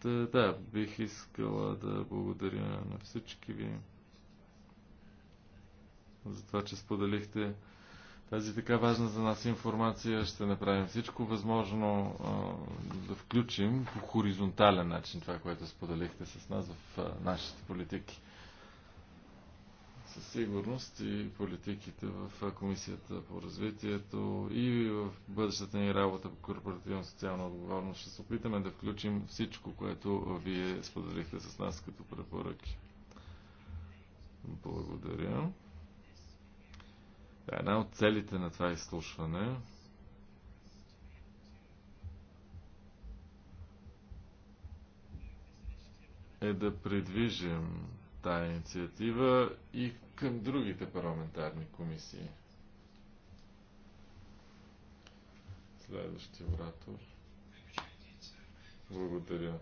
Та, да, бих искала да благодаря на всички ви за това, че споделихте тази така важна за нас информация. Ще направим всичко възможно а, да включим по хоризонтален начин това, което споделихте с нас в а, нашите политики. Със сигурност и политиките в Комисията по развитието и в бъдещата ни работа по корпоративна социална отговорност ще се опитаме да включим всичко, което вие споделихте с нас като препоръки. Благодаря. Да, една от целите на това изслушване е да придвижим тая инициатива и към другите парламентарни комисии. Следващия оратор. Благодаря,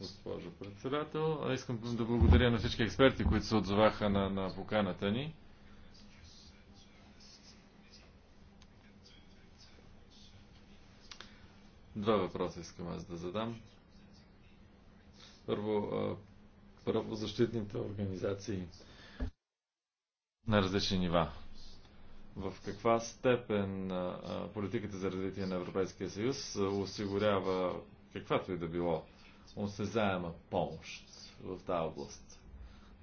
госпожо председател. Искам да благодаря на всички експерти, които се отзоваха на, на поканата ни. Два въпроса искам аз да задам. Първо, правозащитните организации на различни нива. В каква степен политиката за развитие на Европейския съюз осигурява каквато и да било осезаема помощ в тази област?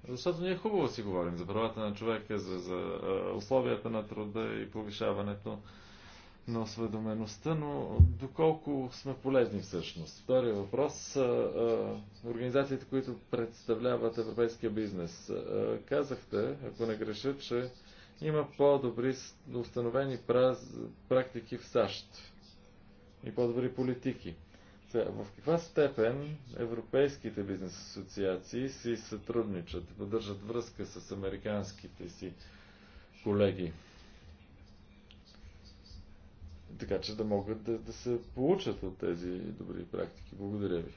Защото ние хубаво си говорим за правата на човека, за, за условията на труда и повишаването на осведомеността, но доколко сме полезни всъщност? Втория въпрос. Организациите, които представляват европейския бизнес. Казахте, ако не греша, че има по-добри установени практики в САЩ и по-добри политики. В каква степен европейските бизнес асоциации си сътрудничат, поддържат връзка с американските си колеги? така че да могат да, да се получат от тези добри практики. Благодаря ви.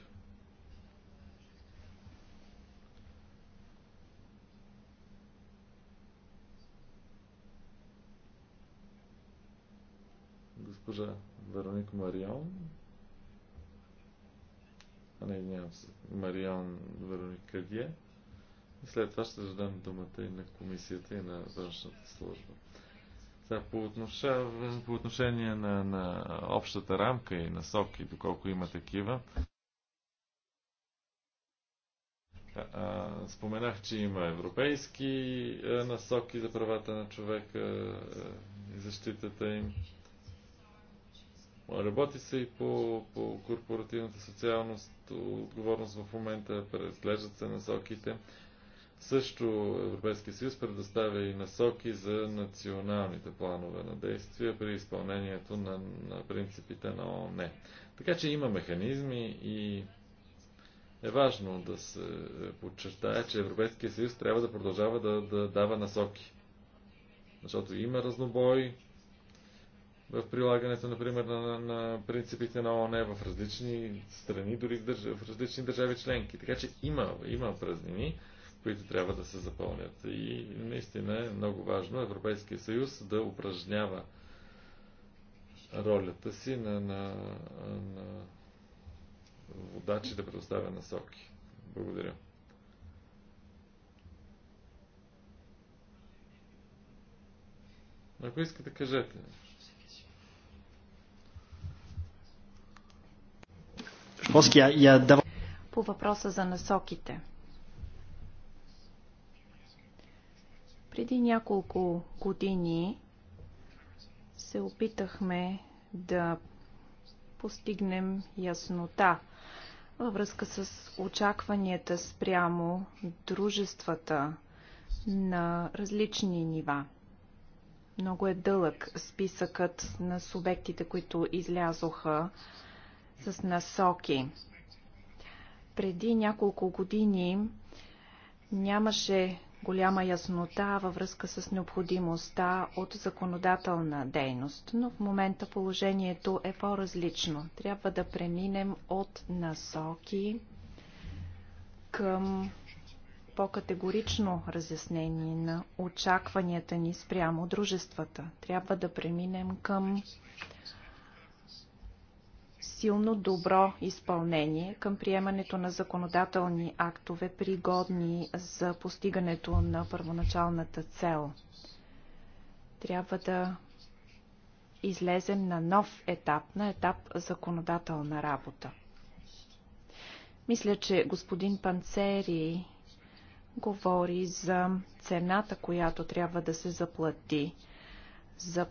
Госпожа Вероник Марион. А не, нямам се. Марион Вероник Кадие. И след това ще задам думата и на комисията, и на външната служба. Сега, по, отношение, по отношение на, на общата рамка и насоки, доколко има такива, Споменах, че има европейски насоки за правата на човека и защитата им. Работи се и по, по корпоративната социалност, отговорност в момента, преглеждат се насоките. Също Европейския съюз предоставя и насоки за националните планове на действие при изпълнението на, на принципите на ООН. Така че има механизми и е важно да се подчертая, че Европейския съюз трябва да продължава да, да дава насоки. Защото има разнобой в прилагането, например, на, на принципите на ООН в различни страни, дори в, държ... в различни държави членки. Така че има, има празнини които трябва да се запълнят. И наистина е много важно Европейския съюз да упражнява ролята си на, на, на водачи да предоставя насоки. Благодаря. Ако искате, кажете. По въпроса за насоките. Преди няколко години се опитахме да постигнем яснота във връзка с очакванията спрямо дружествата на различни нива. Много е дълъг списъкът на субектите, които излязоха с насоки. Преди няколко години нямаше голяма яснота във връзка с необходимостта от законодателна дейност, но в момента положението е по-различно. Трябва да преминем от насоки към по-категорично разяснение на очакванията ни спрямо дружествата. Трябва да преминем към силно добро изпълнение към приемането на законодателни актове, пригодни за постигането на първоначалната цел. Трябва да излезем на нов етап, на етап законодателна работа. Мисля, че господин Панцери говори за цената, която трябва да се заплати за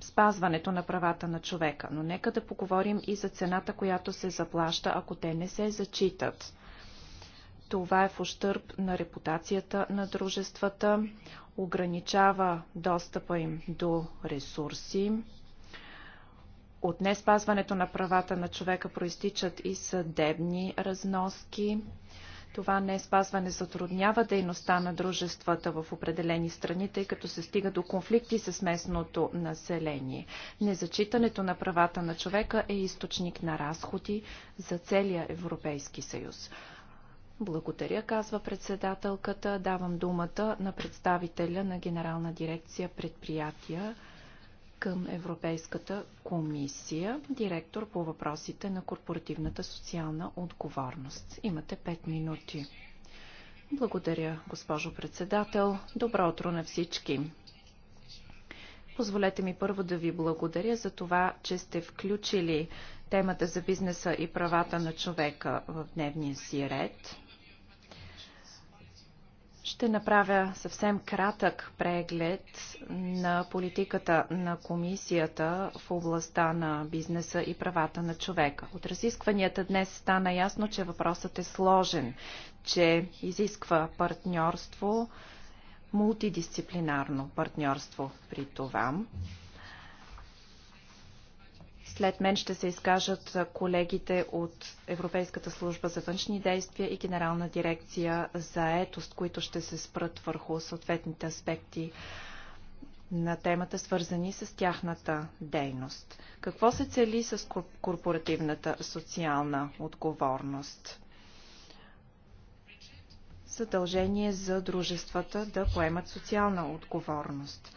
спазването на правата на човека. Но нека да поговорим и за цената, която се заплаща, ако те не се зачитат. Това е в ощърп на репутацията на дружествата, ограничава достъпа им до ресурси. От неспазването на правата на човека проистичат и съдебни разноски. Това не е спазване затруднява дейността на дружествата в определени страни, тъй като се стига до конфликти с местното население. Незачитането на правата на човека е източник на разходи за целия Европейски съюз. Благодаря, казва председателката. Давам думата на представителя на Генерална дирекция предприятия към Европейската комисия, директор по въпросите на корпоративната социална отговорност. Имате 5 минути. Благодаря, госпожо председател. Добро утро на всички. Позволете ми първо да ви благодаря за това, че сте включили темата за бизнеса и правата на човека в дневния си ред. Ще направя съвсем кратък преглед на политиката на комисията в областта на бизнеса и правата на човека. От разискванията днес стана ясно, че въпросът е сложен, че изисква партньорство, мултидисциплинарно партньорство при това. След мен ще се изкажат колегите от Европейската служба за външни действия и Генерална дирекция за етост, които ще се спрат върху съответните аспекти на темата, свързани с тяхната дейност. Какво се цели с корпоративната социална отговорност? Задължение за дружествата да поемат социална отговорност.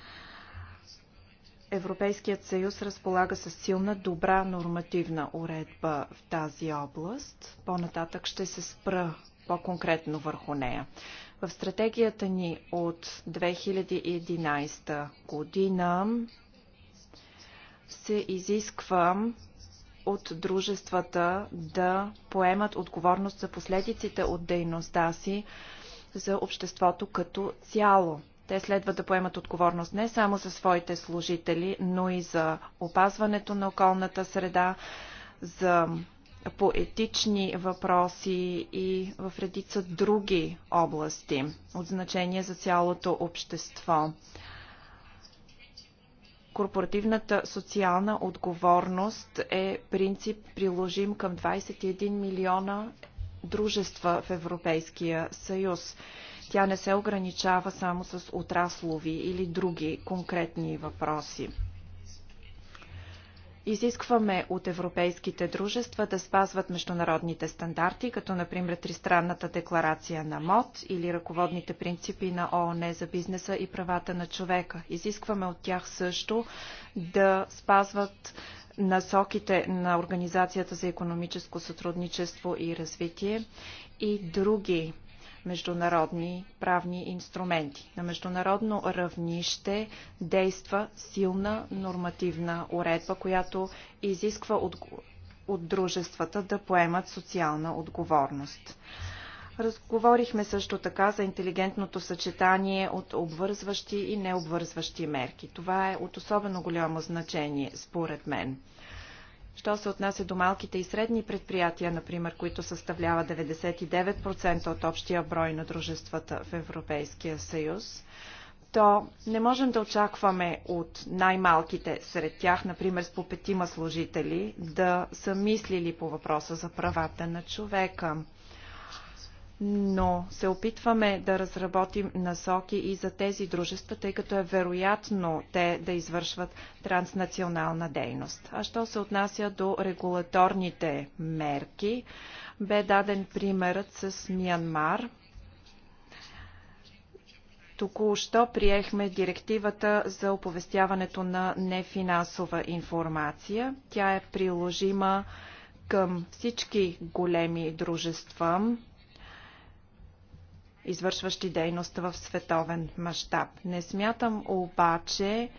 Европейският съюз разполага с силна, добра нормативна уредба в тази област. По-нататък ще се спра по-конкретно върху нея. В стратегията ни от 2011 година се изисква от дружествата да поемат отговорност за последиците от дейността си за обществото като цяло. Те следва да поемат отговорност не само за своите служители, но и за опазването на околната среда, за поетични въпроси и в редица други области от значение за цялото общество. Корпоративната социална отговорност е принцип приложим към 21 милиона дружества в Европейския съюз. Тя не се ограничава само с отраслови или други конкретни въпроси. Изискваме от европейските дружества да спазват международните стандарти, като например Тристранната декларация на МОД или ръководните принципи на ООН за бизнеса и правата на човека. Изискваме от тях също да спазват насоките на Организацията за економическо сътрудничество и развитие и други международни правни инструменти. На международно равнище действа силна нормативна уредба, която изисква от, от дружествата да поемат социална отговорност. Разговорихме също така за интелигентното съчетание от обвързващи и необвързващи мерки. Това е от особено голямо значение, според мен. Що се отнася до малките и средни предприятия, например, които съставлява 99% от общия брой на дружествата в Европейския съюз, то не можем да очакваме от най-малките сред тях, например с по петима служители, да са мислили по въпроса за правата на човека но се опитваме да разработим насоки и за тези дружества, тъй като е вероятно те да извършват транснационална дейност. А що се отнася до регулаторните мерки, бе даден примерът с Миянмар. Току-що приехме директивата за оповестяването на нефинансова информация. Тя е приложима към всички големи дружества, извършващи дейност в световен мащаб. Не смятам обаче,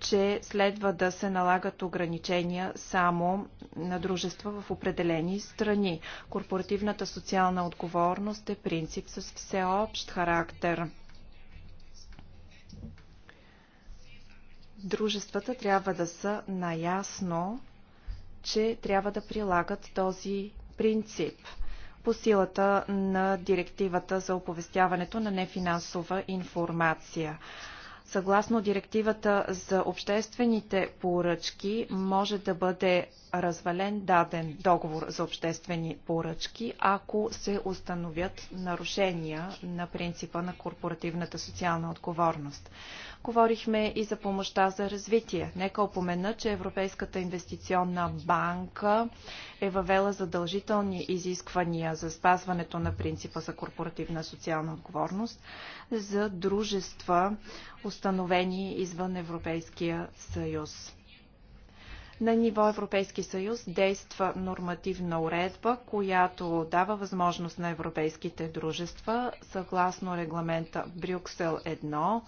че следва да се налагат ограничения само на дружества в определени страни. Корпоративната социална отговорност е принцип с всеобщ характер. Дружествата трябва да са наясно, че трябва да прилагат този принцип – по силата на директивата за оповестяването на нефинансова информация. Съгласно директивата за обществените поръчки може да бъде развален даден договор за обществени поръчки, ако се установят нарушения на принципа на корпоративната социална отговорност. Говорихме и за помощта за развитие. Нека опомена, че Европейската инвестиционна банка е въвела задължителни изисквания за спазването на принципа за корпоративна социална отговорност за дружества, установени извън Европейския съюз. На ниво Европейски съюз действа нормативна уредба, която дава възможност на европейските дружества, съгласно регламента Брюксел 1,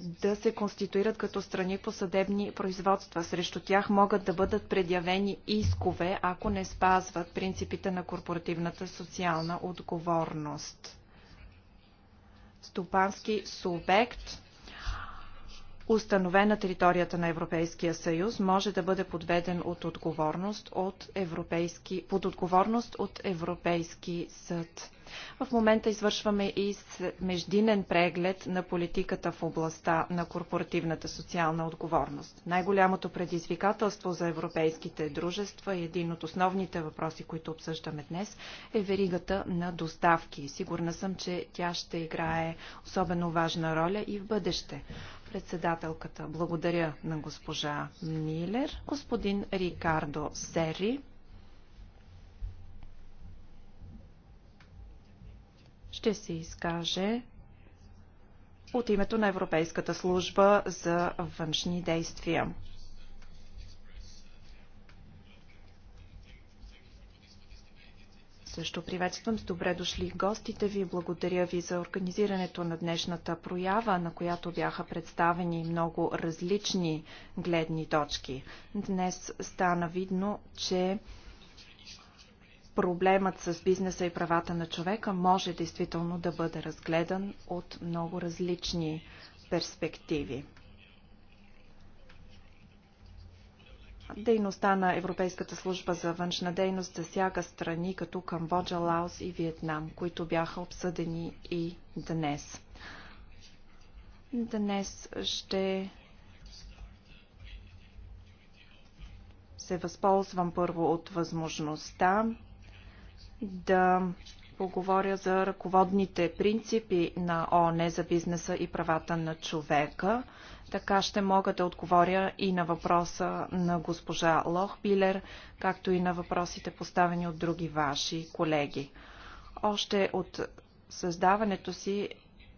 да се конституират като страни по съдебни производства. Срещу тях могат да бъдат предявени искове, ако не спазват принципите на корпоративната социална отговорност. Стопански субект установен на територията на Европейския съюз, може да бъде подведен от отговорност от европейски, под отговорност от Европейски съд. В момента извършваме и междинен преглед на политиката в областта на корпоративната социална отговорност. Най-голямото предизвикателство за европейските дружества и един от основните въпроси, които обсъждаме днес, е веригата на доставки. Сигурна съм, че тя ще играе особено важна роля и в бъдеще. Председателката, благодаря на госпожа Милер. Господин Рикардо Сери ще се изкаже от името на Европейската служба за външни действия. Също приветствам с добре дошли гостите ви. Благодаря ви за организирането на днешната проява, на която бяха представени много различни гледни точки. Днес стана видно, че проблемът с бизнеса и правата на човека може действително да бъде разгледан от много различни перспективи. Дейността на Европейската служба за външна дейност засяга страни като Камбоджа, Лаос и Виетнам, които бяха обсъдени и днес. Днес ще се възползвам първо от възможността да поговоря за ръководните принципи на ООН за бизнеса и правата на човека. Така ще мога да отговоря и на въпроса на госпожа Лохбилер, както и на въпросите поставени от други ваши колеги. Още от създаването си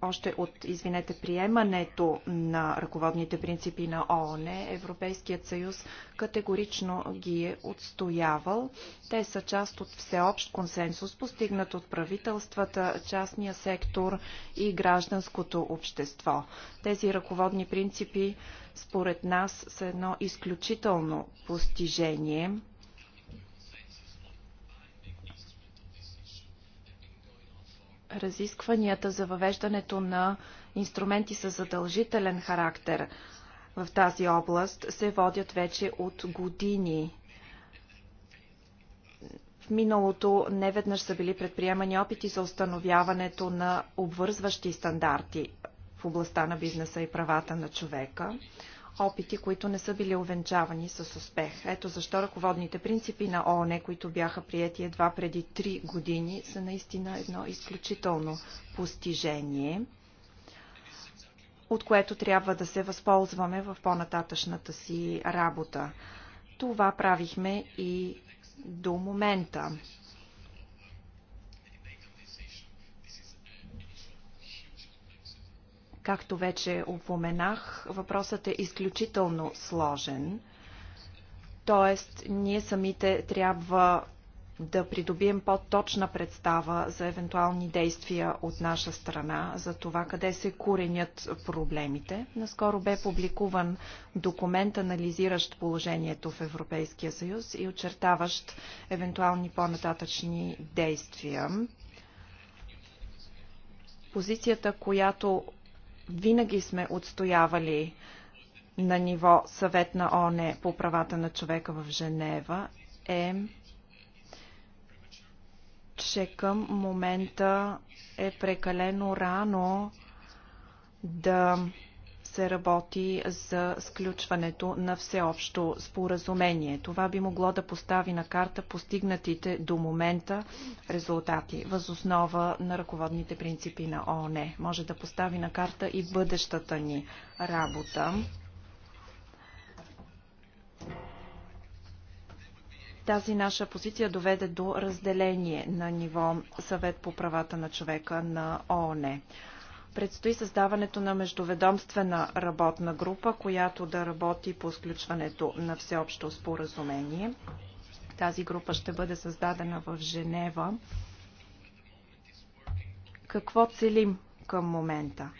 още от, извинете, приемането на ръководните принципи на ООН, Европейският съюз категорично ги е отстоявал. Те са част от всеобщ консенсус, постигнат от правителствата, частния сектор и гражданското общество. Тези ръководни принципи, според нас, са едно изключително постижение – разискванията за въвеждането на инструменти с задължителен характер в тази област се водят вече от години. В миналото неведнъж са били предприемани опити за установяването на обвързващи стандарти в областта на бизнеса и правата на човека опити, които не са били овенчавани с успех. Ето защо ръководните принципи на ООН, които бяха прияти едва преди три години, са наистина едно изключително постижение, от което трябва да се възползваме в по-нататъчната си работа. Това правихме и до момента. Както вече упоменах, въпросът е изключително сложен. Тоест, ние самите трябва да придобием по-точна представа за евентуални действия от наша страна, за това къде се коренят проблемите. Наскоро бе публикуван документ, анализиращ положението в Европейския съюз и очертаващ евентуални по-нататъчни действия. Позицията, която винаги сме отстоявали на ниво съвет на ОНЕ по правата на човека в Женева е, че към момента е прекалено рано да се работи за сключването на всеобщо споразумение. Това би могло да постави на карта постигнатите до момента резултати възоснова на ръководните принципи на ООН. Може да постави на карта и бъдещата ни работа. тази наша позиция доведе до разделение на ниво съвет по правата на човека на ООН. Предстои създаването на междуведомствена работна група, която да работи по сключването на всеобщо споразумение. Тази група ще бъде създадена в Женева. Какво целим към момента?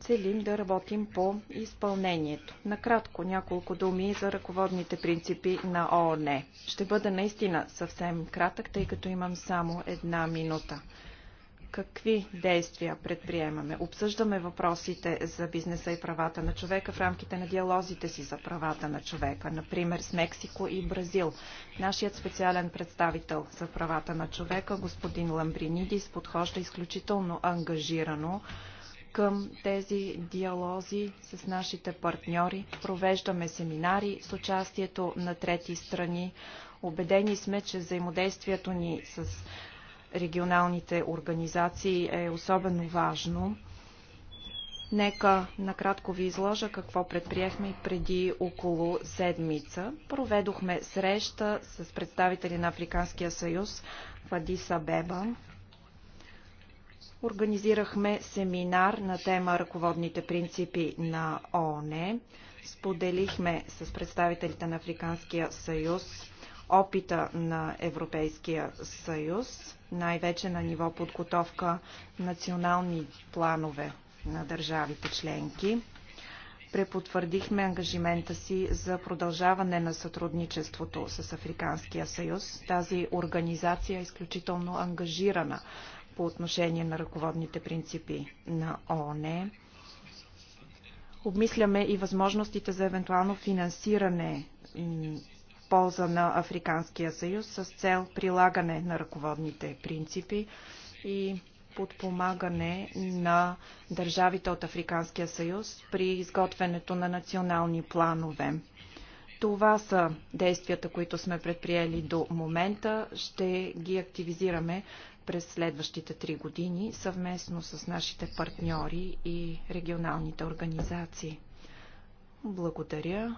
целим да работим по изпълнението. Накратко няколко думи за ръководните принципи на ООН. Ще бъда наистина съвсем кратък, тъй като имам само една минута какви действия предприемаме. Обсъждаме въпросите за бизнеса и правата на човека в рамките на диалозите си за правата на човека, например с Мексико и Бразил. Нашият специален представител за правата на човека, господин Ламбринидис, подхожда изключително ангажирано към тези диалози с нашите партньори. Провеждаме семинари с участието на трети страни. Обедени сме, че взаимодействието ни с регионалните организации е особено важно. Нека накратко ви изложа какво предприехме преди около седмица. Проведохме среща с представители на Африканския съюз в Адиса Беба. Организирахме семинар на тема Ръководните принципи на ООН. Споделихме с представителите на Африканския съюз опита на Европейския съюз, най-вече на ниво подготовка национални планове на държавите членки. Препотвърдихме ангажимента си за продължаване на сътрудничеството с Африканския съюз. Тази организация е изключително ангажирана по отношение на ръководните принципи на ООН. Обмисляме и възможностите за евентуално финансиране полза на Африканския съюз с цел прилагане на ръководните принципи и подпомагане на държавите от Африканския съюз при изготвянето на национални планове. Това са действията, които сме предприели до момента. Ще ги активизираме през следващите три години съвместно с нашите партньори и регионалните организации. Благодаря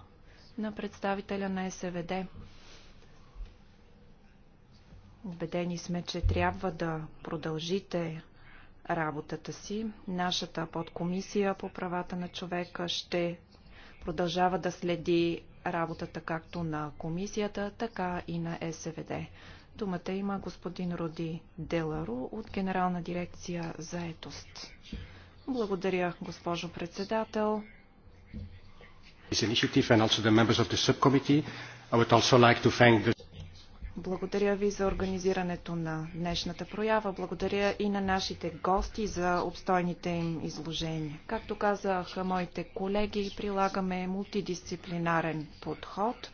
на представителя на СВД. Убедени сме, че трябва да продължите работата си. Нашата подкомисия по правата на човека ще продължава да следи работата както на комисията, така и на СВД. Думата има господин Роди Деларо от Генерална дирекция за етост. Благодаря, госпожо председател. Благодаря ви за организирането на днешната проява. Благодаря и на нашите гости за обстойните им изложения. Както казах моите колеги, прилагаме мултидисциплинарен подход.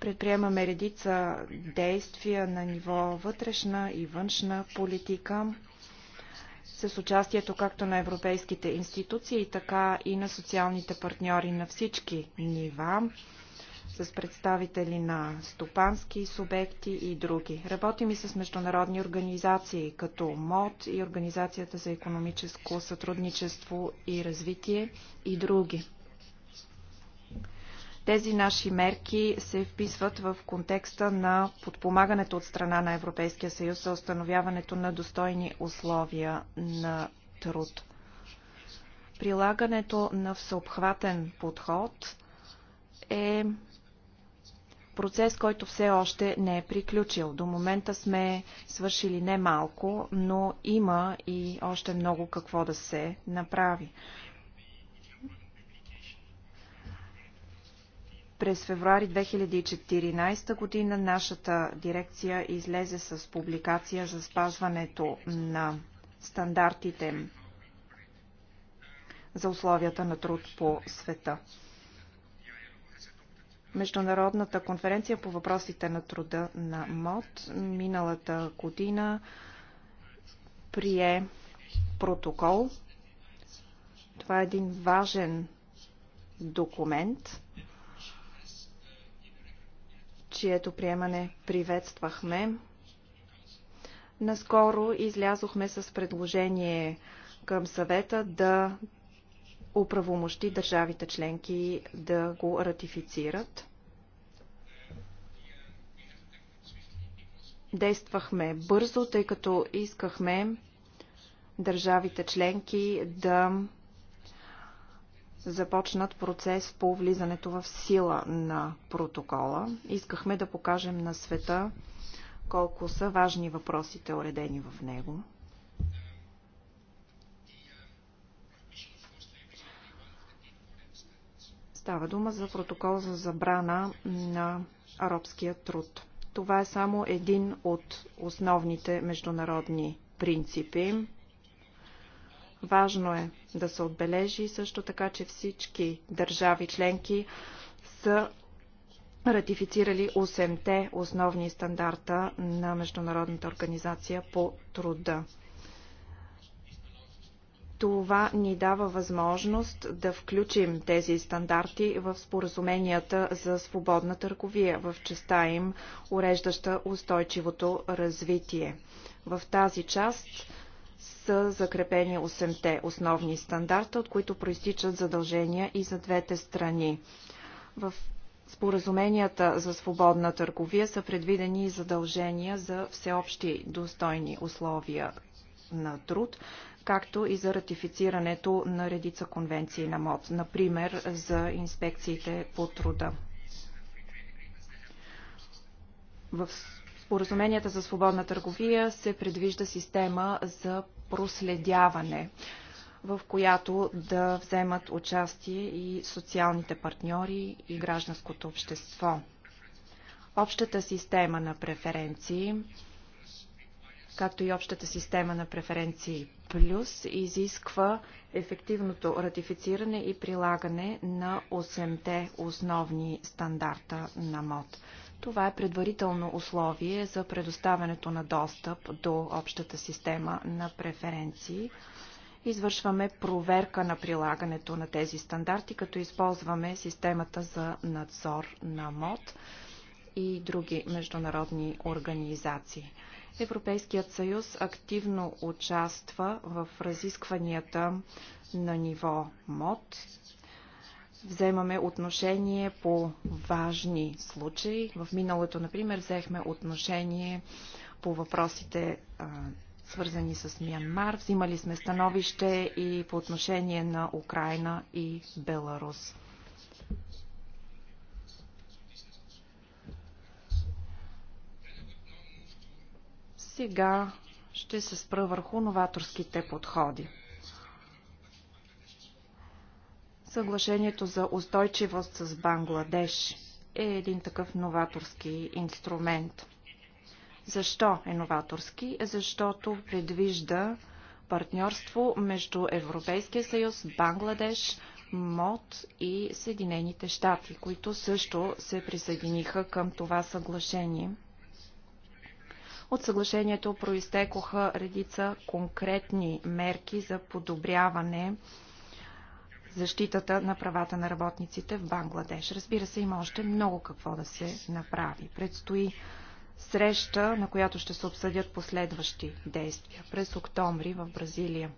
Предприемаме редица действия на ниво вътрешна и външна политика с участието както на европейските институции, така и на социалните партньори на всички нива, с представители на стопански субекти и други. Работим и с международни организации, като МОД и Организацията за економическо сътрудничество и развитие и други. Тези наши мерки се вписват в контекста на подпомагането от страна на Европейския съюз за установяването на достойни условия на труд. Прилагането на всеобхватен подход е процес, който все още не е приключил. До момента сме свършили не малко, но има и още много какво да се направи. През февруари 2014 година нашата дирекция излезе с публикация за спазването на стандартите за условията на труд по света. Международната конференция по въпросите на труда на МОД миналата година прие протокол. Това е един важен документ, чието приемане приветствахме. Наскоро излязохме с предложение към съвета да оправомощи държавите членки да го ратифицират. Действахме бързо, тъй като искахме държавите членки да започнат процес по влизането в сила на протокола. Искахме да покажем на света колко са важни въпросите, уредени в него. Става дума за протокол за забрана на арабския труд. Това е само един от основните международни принципи, Важно е да се отбележи също така, че всички държави членки са ратифицирали 8-те основни стандарта на Международната организация по труда. Това ни дава възможност да включим тези стандарти в споразуменията за свободна търговия в частта им, уреждаща устойчивото развитие. В тази част са закрепени 8-те основни стандарта, от които проистичат задължения и за двете страни. В споразуменията за свободна търговия са предвидени задължения за всеобщи достойни условия на труд, както и за ратифицирането на редица конвенции на МОД, например за инспекциите по труда. В споразуменията за свободна търговия се предвижда система за проследяване, в която да вземат участие и социалните партньори и гражданското общество. Общата система на преференции, както и общата система на преференции Плюс, изисква ефективното ратифициране и прилагане на 8-те основни стандарта на МОД. Това е предварително условие за предоставянето на достъп до общата система на преференции. Извършваме проверка на прилагането на тези стандарти, като използваме системата за надзор на МОД и други международни организации. Европейският съюз активно участва в разискванията на ниво МОД вземаме отношение по важни случаи. В миналото, например, взехме отношение по въпросите свързани с Мянмар. Взимали сме становище и по отношение на Украина и Беларус. Сега ще се спра върху новаторските подходи. Съглашението за устойчивост с Бангладеш е един такъв новаторски инструмент. Защо е новаторски? Защото предвижда партньорство между Европейския съюз, Бангладеш, МОД и Съединените щати, които също се присъединиха към това съглашение. От съглашението произтекоха редица конкретни мерки за подобряване защитата на правата на работниците в Бангладеш. Разбира се, има още много какво да се направи. Предстои среща, на която ще се обсъдят последващи действия през октомври в Бразилия.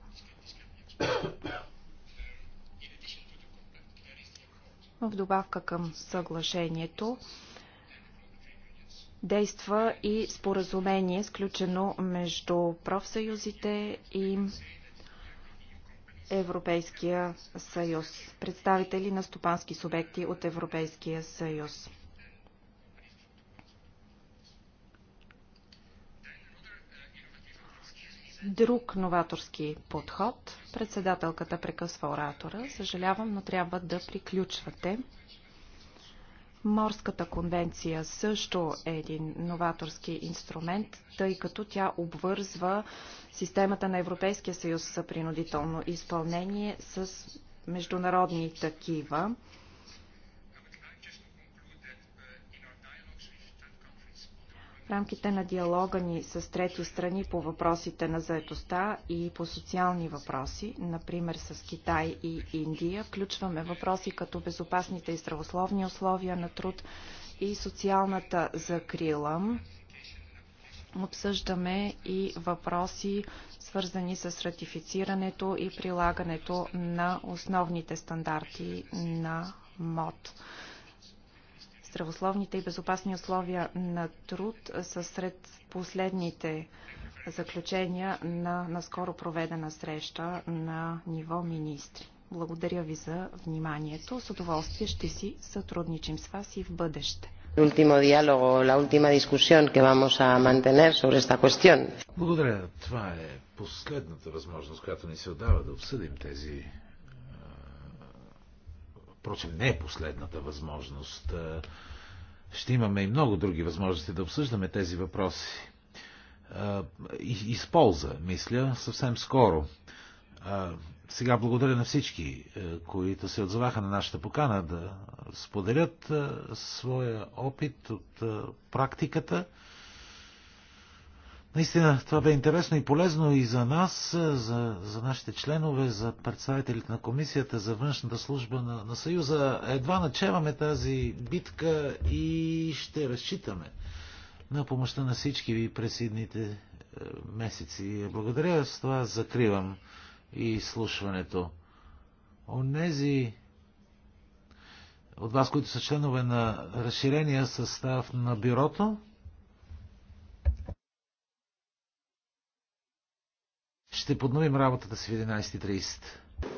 В добавка към съглашението действа и споразумение, сключено между профсъюзите и Европейския съюз, представители на стопански субекти от Европейския съюз. Друг новаторски подход. Председателката прекъсва оратора. Съжалявам, но трябва да приключвате. Морската конвенция също е един новаторски инструмент, тъй като тя обвързва системата на Европейския съюз за принудително изпълнение с международни такива. В рамките на диалога ни с трети страни по въпросите на заетостта и по социални въпроси, например с Китай и Индия, включваме въпроси като безопасните и здравословни условия на труд и социалната закрила. Обсъждаме и въпроси, свързани с ратифицирането и прилагането на основните стандарти на МОД. Здравословните и безопасни условия на труд са сред последните заключения на наскоро проведена среща на ниво министри. Благодаря ви за вниманието. С удоволствие ще си сътрудничим с вас и в бъдеще. Благодаря. Това е последната възможност, която ни се отдава да обсъдим тези впрочем не е последната възможност. Е, ще имаме и много други възможности да обсъждаме тези въпроси. Е, Използва, мисля, съвсем скоро. Е, сега благодаря на всички, които се отзоваха на нашата покана да споделят своя опит от практиката. Наистина, това бе интересно и полезно и за нас, е, за, за нашите членове, за представителите на комисията, за външната служба на, на Съюза. Едва начеваме тази битка и ще разчитаме на помощта на всички ви през идните е, месеци. Благодаря, с това закривам и слушването. Онези от вас, които са членове на разширения състав на бюрото, Ще подновим работата си в 11.30.